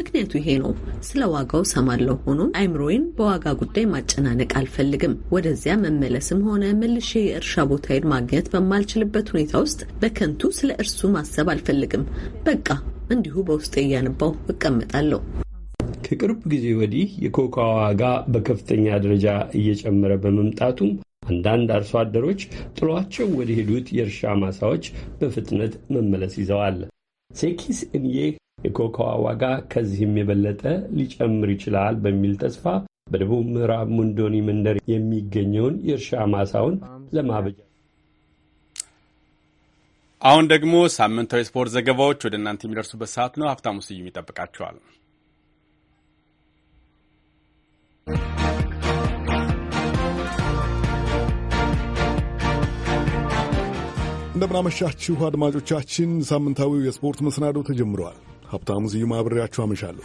ምክንያቱ ይሄ ነው። ስለ ዋጋው ሰማለሁ። ሆኖም አይምሮዬን በዋጋ ጉዳይ ማጨናነቅ አልፈልግም። ወደዚያ መመለስም ሆነ መልሼ የእርሻ ቦታዬን ማግኘት በማልችልበት ሁኔታ ውስጥ በከንቱ ስለ እርሱ ማሰብ አልፈልግም። በቃ እንዲሁ በውስጤ እያነባው እቀመጣለሁ። ከቅርብ ጊዜ ወዲህ የኮካ ዋጋ በከፍተኛ ደረጃ እየጨመረ በመምጣቱም አንዳንድ አርሶ አደሮች ጥሏቸው ወደ ሄዱት የእርሻ ማሳዎች በፍጥነት መመለስ ይዘዋል። ሴኪስ እንዬ የኮካዋ ዋጋ ከዚህም የበለጠ ሊጨምር ይችላል በሚል ተስፋ በደቡብ ምዕራብ ሙንዶኒ መንደር የሚገኘውን የእርሻ ማሳውን ለማበጃ አሁን ደግሞ ሳምንታዊ ስፖርት ዘገባዎች ወደ እናንተ የሚደርሱበት ሰዓት ነው። ሀብታሙ ስዩም ይጠብቃቸዋል። እንደምናመሻችሁ አድማጮቻችን፣ ሳምንታዊው የስፖርት መሰናዶ ተጀምረዋል። ሀብታሙ ዝዩ ማብሬያችሁ አመሻለሁ።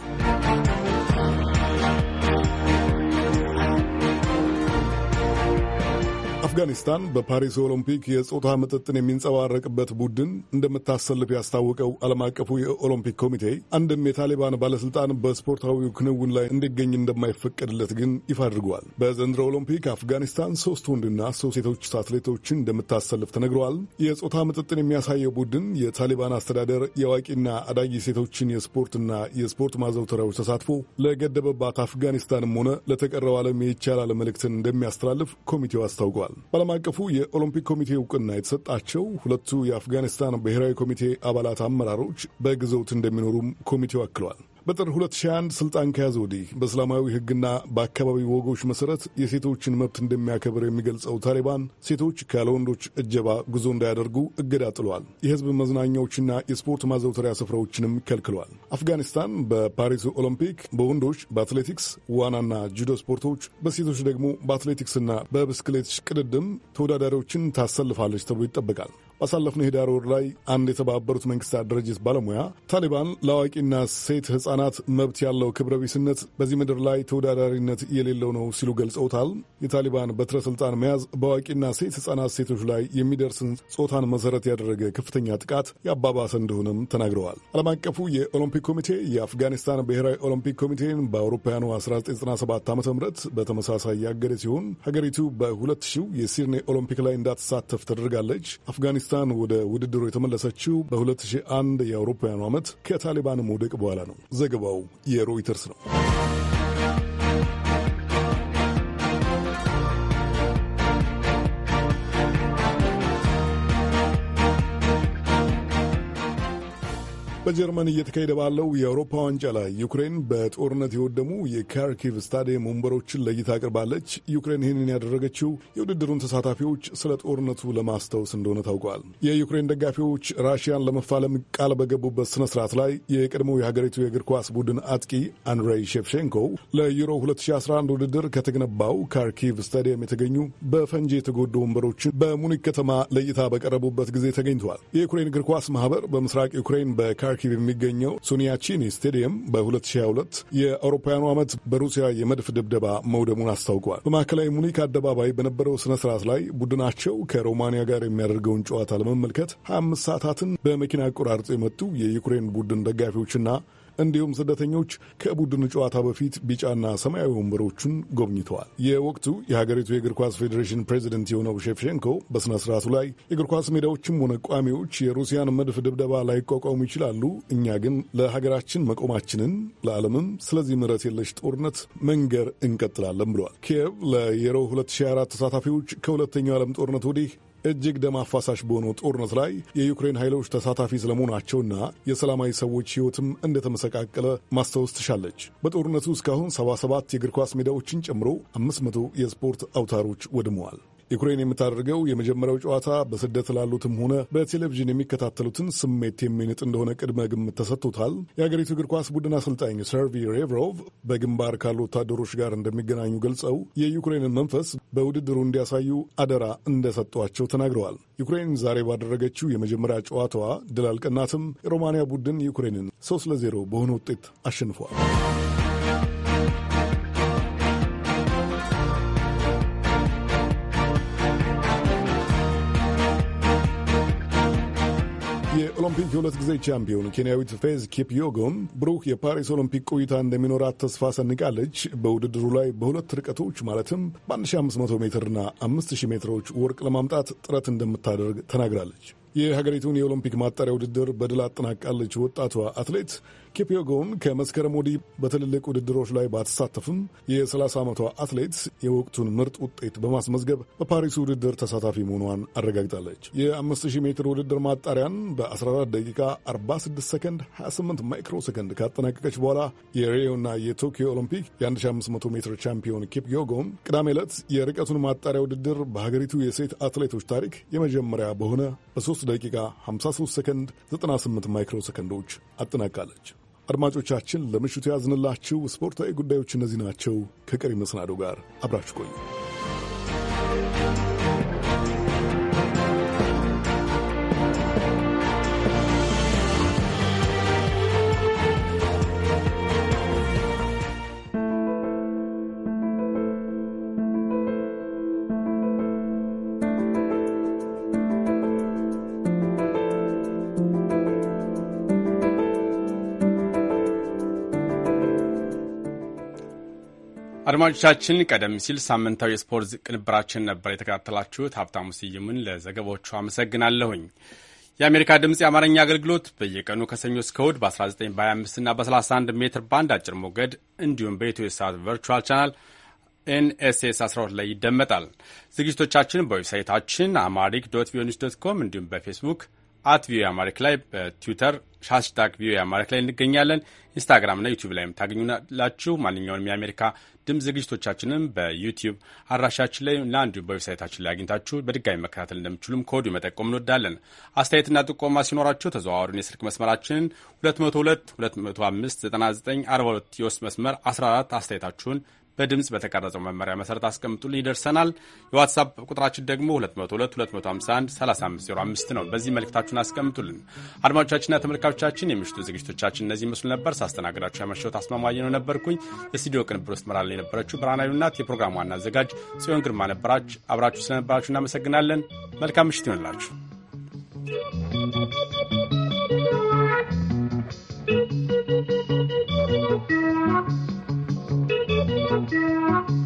አፍጋኒስታን በፓሪስ ኦሎምፒክ የጾታ ምጥጥን የሚንጸባረቅበት ቡድን እንደምታሰልፍ ያስታወቀው ዓለም አቀፉ የኦሎምፒክ ኮሚቴ አንድም የታሊባን ባለስልጣን በስፖርታዊው ክንውን ላይ እንዲገኝ እንደማይፈቀድለት ግን ይፋ አድርገዋል። በዘንድሮ ኦሎምፒክ አፍጋኒስታን ሶስት ወንድና ሶስት ሴቶች አትሌቶችን እንደምታሰልፍ ተነግረዋል። የጾታ ምጥጥን የሚያሳየው ቡድን የታሊባን አስተዳደር የአዋቂና አዳጊ ሴቶችን የስፖርትና የስፖርት ማዘውተሪያዎች ተሳትፎ ለገደበባት አፍጋኒስታንም ሆነ ለተቀረው ዓለም የይቻላል መልእክትን እንደሚያስተላልፍ ኮሚቴው አስታውቋል። በዓለም አቀፉ የኦሎምፒክ ኮሚቴ እውቅና የተሰጣቸው ሁለቱ የአፍጋኒስታን ብሔራዊ ኮሚቴ አባላት አመራሮች በግዞት እንደሚኖሩም ኮሚቴው አክለዋል። በጥር 2021 ስልጣን ከያዘ ወዲህ በእስላማዊ ሕግና በአካባቢ ወጎች መሠረት የሴቶችን መብት እንደሚያከብር የሚገልጸው ታሊባን ሴቶች ካለ ወንዶች እጀባ ጉዞ እንዳያደርጉ እገዳ ጥሏል። የሕዝብ መዝናኛዎችና የስፖርት ማዘውተሪያ ስፍራዎችንም ከልክሏል። አፍጋኒስታን በፓሪሱ ኦሎምፒክ በወንዶች በአትሌቲክስ ዋናና ጁዶ ስፖርቶች፣ በሴቶች ደግሞ በአትሌቲክስና በብስክሌት ቅድድም ተወዳዳሪዎችን ታሰልፋለች ተብሎ ይጠበቃል። ባሳለፍነው ሄዳር ወር ላይ አንድ የተባበሩት መንግስታት ድርጅት ባለሙያ ታሊባን ለአዋቂና ሴት ህጻናት መብት ያለው ክብረ ቢስነት በዚህ ምድር ላይ ተወዳዳሪነት የሌለው ነው ሲሉ ገልጸውታል። የታሊባን በትረ ስልጣን መያዝ በአዋቂና ሴት ህጻናት ሴቶች ላይ የሚደርስን ጾታን መሰረት ያደረገ ከፍተኛ ጥቃት ያባባሰ እንደሆነም ተናግረዋል። ዓለም አቀፉ የኦሎምፒክ ኮሚቴ የአፍጋኒስታን ብሔራዊ ኦሎምፒክ ኮሚቴን በአውሮፓውያኑ 1997 ዓ ም በተመሳሳይ ያገደ ሲሆን ሀገሪቱ በ2000 የሲድኔ ኦሎምፒክ ላይ እንዳትሳተፍ ተደርጋለች። አፍጋኒስታን ፓኪስታን ወደ ውድድሩ የተመለሰችው በ2001 የአውሮፓውያኑ ዓመት ከታሊባን መውደቅ በኋላ ነው። ዘገባው የሮይተርስ ነው። በጀርመን እየተካሄደ ባለው የአውሮፓ ዋንጫ ላይ ዩክሬን በጦርነት የወደሙ የካርኪቭ ስታዲየም ወንበሮችን ለይታ አቅርባለች። ዩክሬን ይህንን ያደረገችው የውድድሩን ተሳታፊዎች ስለ ጦርነቱ ለማስታወስ እንደሆነ ታውቋል። የዩክሬን ደጋፊዎች ራሽያን ለመፋለም ቃል በገቡበት ስነ ስርዓት ላይ የቀድሞው የሀገሪቱ የእግር ኳስ ቡድን አጥቂ አንድሬይ ሼቭቼንኮ ለዩሮ 2011 ውድድር ከተገነባው ካርኪቭ ስታዲየም የተገኙ በፈንጂ የተጎዱ ወንበሮችን በሙኒክ ከተማ ለይታ በቀረቡበት ጊዜ ተገኝተዋል። የዩክሬን እግር ኳስ ማህበር በምስራቅ ዩክሬን በካ ካርኪቭ የሚገኘው ሱኒያቺኒ ስቴዲየም በ2022 የአውሮፓውያኑ ዓመት በሩሲያ የመድፍ ድብደባ መውደሙን አስታውቋል። በማዕከላዊ ሙኒክ አደባባይ በነበረው ስነ ስርዓት ላይ ቡድናቸው ከሮማንያ ጋር የሚያደርገውን ጨዋታ ለመመልከት 25 ሰዓታትን በመኪና አቆራርጦ የመጡ የዩክሬን ቡድን ደጋፊዎችና እንዲሁም ስደተኞች ከቡድን ጨዋታ በፊት ቢጫና ሰማያዊ ወንበሮቹን ጎብኝተዋል። የወቅቱ የሀገሪቱ የእግር ኳስ ፌዴሬሽን ፕሬዚደንት የሆነው ሼፍሼንኮ በሥነ ሥርዓቱ ላይ የእግር ኳስ ሜዳዎችም ሆነ ቋሚዎች የሩሲያን መድፍ ድብደባ ላይቋቋሙ ይችላሉ፣ እኛ ግን ለሀገራችን መቆማችንን ለዓለምም ስለዚህ ምሕረት የለሽ ጦርነት መንገር እንቀጥላለን ብለዋል። ኪየቭ ለየሮ 2024 ተሳታፊዎች ከሁለተኛው ዓለም ጦርነት ወዲህ እጅግ ደም አፋሳሽ በሆነው ጦርነት ላይ የዩክሬን ኃይሎች ተሳታፊ ስለመሆናቸውና የሰላማዊ ሰዎች ሕይወትም እንደተመሰቃቀለ ማስታወስ ትሻለች። በጦርነቱ እስካሁን 77 የእግር ኳስ ሜዳዎችን ጨምሮ 500 የስፖርት አውታሮች ወድመዋል። ዩክሬን የምታደርገው የመጀመሪያው ጨዋታ በስደት ላሉትም ሆነ በቴሌቪዥን የሚከታተሉትን ስሜት የሚንጥ እንደሆነ ቅድመ ግምት ተሰጥቶታል። የአገሪቱ እግር ኳስ ቡድን አሰልጣኝ ሰርቪ ሬቭሮቭ በግንባር ካሉ ወታደሮች ጋር እንደሚገናኙ ገልጸው የዩክሬንን መንፈስ በውድድሩ እንዲያሳዩ አደራ እንደሰጧቸው ተናግረዋል። ዩክሬን ዛሬ ባደረገችው የመጀመሪያ ጨዋታዋ ድል አልቀናትም። የሮማንያ ቡድን ዩክሬንን 3 ለ0 በሆነ ውጤት አሸንፏል። የኦሎምፒክ የሁለት ጊዜ ቻምፒዮን ኬንያዊት ፌዝ ኪፕዮጎን ብሩህ የፓሪስ ኦሎምፒክ ቆይታ እንደሚኖራት ተስፋ ሰንቃለች። በውድድሩ ላይ በሁለት ርቀቶች ማለትም በ1500 ሜትርና 5000 ሜትሮች ወርቅ ለማምጣት ጥረት እንደምታደርግ ተናግራለች። የሀገሪቱን የኦሎምፒክ ማጣሪያ ውድድር በድል አጠናቃለች። ወጣቷ አትሌት ኪፕዮጎን ከመስከረም ወዲህ በትልልቅ ውድድሮች ላይ ባትሳተፍም የ30 ዓመቷ አትሌት የወቅቱን ምርጥ ውጤት በማስመዝገብ በፓሪስ ውድድር ተሳታፊ መሆኗን አረጋግጣለች። የ5000 ሜትር ውድድር ማጣሪያን በ14 ደቂቃ 46 ሰከንድ 28 ማይክሮ ሰከንድ ካጠናቀቀች በኋላ የሪዮና የቶኪዮ ኦሎምፒክ የ1500 ሜትር ቻምፒዮን ኪፕዮጎን ቅዳሜ ዕለት የርቀቱን ማጣሪያ ውድድር በሀገሪቱ የሴት አትሌቶች ታሪክ የመጀመሪያ በሆነ በ3 ደቂቃ 53 ሰከንድ 98 ማይክሮ ሰከንዶች አጠናቃለች። አድማጮቻችን፣ ለምሽቱ ያዝንላችሁ ስፖርታዊ ጉዳዮች እነዚህ ናቸው። ከቀሪ መሰናዶ ጋር አብራችሁ ቆዩ። አድማጮቻችን ቀደም ሲል ሳምንታዊ የስፖርት ቅንብራችን ነበር የተከታተላችሁት። ሀብታሙ ስዩምን ለዘገባዎቹ አመሰግናለሁኝ። የአሜሪካ ድምፅ የአማርኛ አገልግሎት በየቀኑ ከሰኞ እስከ እሁድ በ19 በ25 እና በ31 ሜትር ባንድ አጭር ሞገድ እንዲሁም በኢትዮ ሰዓት ቨርቹዋል ቻናል ኤንኤስኤስ 12 ላይ ይደመጣል። ዝግጅቶቻችን በዌብሳይታችን አማሪክ ዶት ቪኦኤ ኒውስ ዶት ኮም እንዲሁም በፌስቡክ አት ቪኦኤ አማሪክ ላይ በትዊተር ሀሽታግ ቪኦኤ አማሪክ ላይ እንገኛለን። ኢንስታግራምና ዩቲዩብ ላይ የምታገኙናላችሁ። ማንኛውንም የአሜሪካ ድምፅ ዝግጅቶቻችንም በዩቲዩብ አድራሻችን ላይ እና እንዲሁም በዌብሳይታችን ላይ አግኝታችሁ በድጋሚ መከታተል እንደምችሉም ከወዲሁ መጠቆም እንወዳለን። አስተያየትና ጥቆማ ሲኖራችሁ ተዘዋዋሪውን የስልክ መስመራችንን 202 205 9942 የውስጥ መስመር 14 አስተያየታችሁን በድምፅ በተቀረጸው መመሪያ መሰረት አስቀምጡልን ይደርሰናል። የዋትሳፕ ቁጥራችን ደግሞ 2022513505 ነው። በዚህ መልእክታችሁን አስቀምጡልን። አድማጮቻችንና ተመልካቾቻችን የምሽቱ ዝግጅቶቻችን እነዚህ ምስሉ ነበር። ሳስተናግዳችሁ ያመሸሁት አስማማኝ ነው ነበርኩኝ። የስቱዲዮ ቅንብር ውስጥ መራል የነበረችው ብርሃን ናት። የፕሮግራም ዋና አዘጋጅ ጽዮን ግርማ ነበራች። አብራችሁ ስለነበራችሁ እናመሰግናለን። መልካም ምሽት ይሆንላችሁ። Thank you.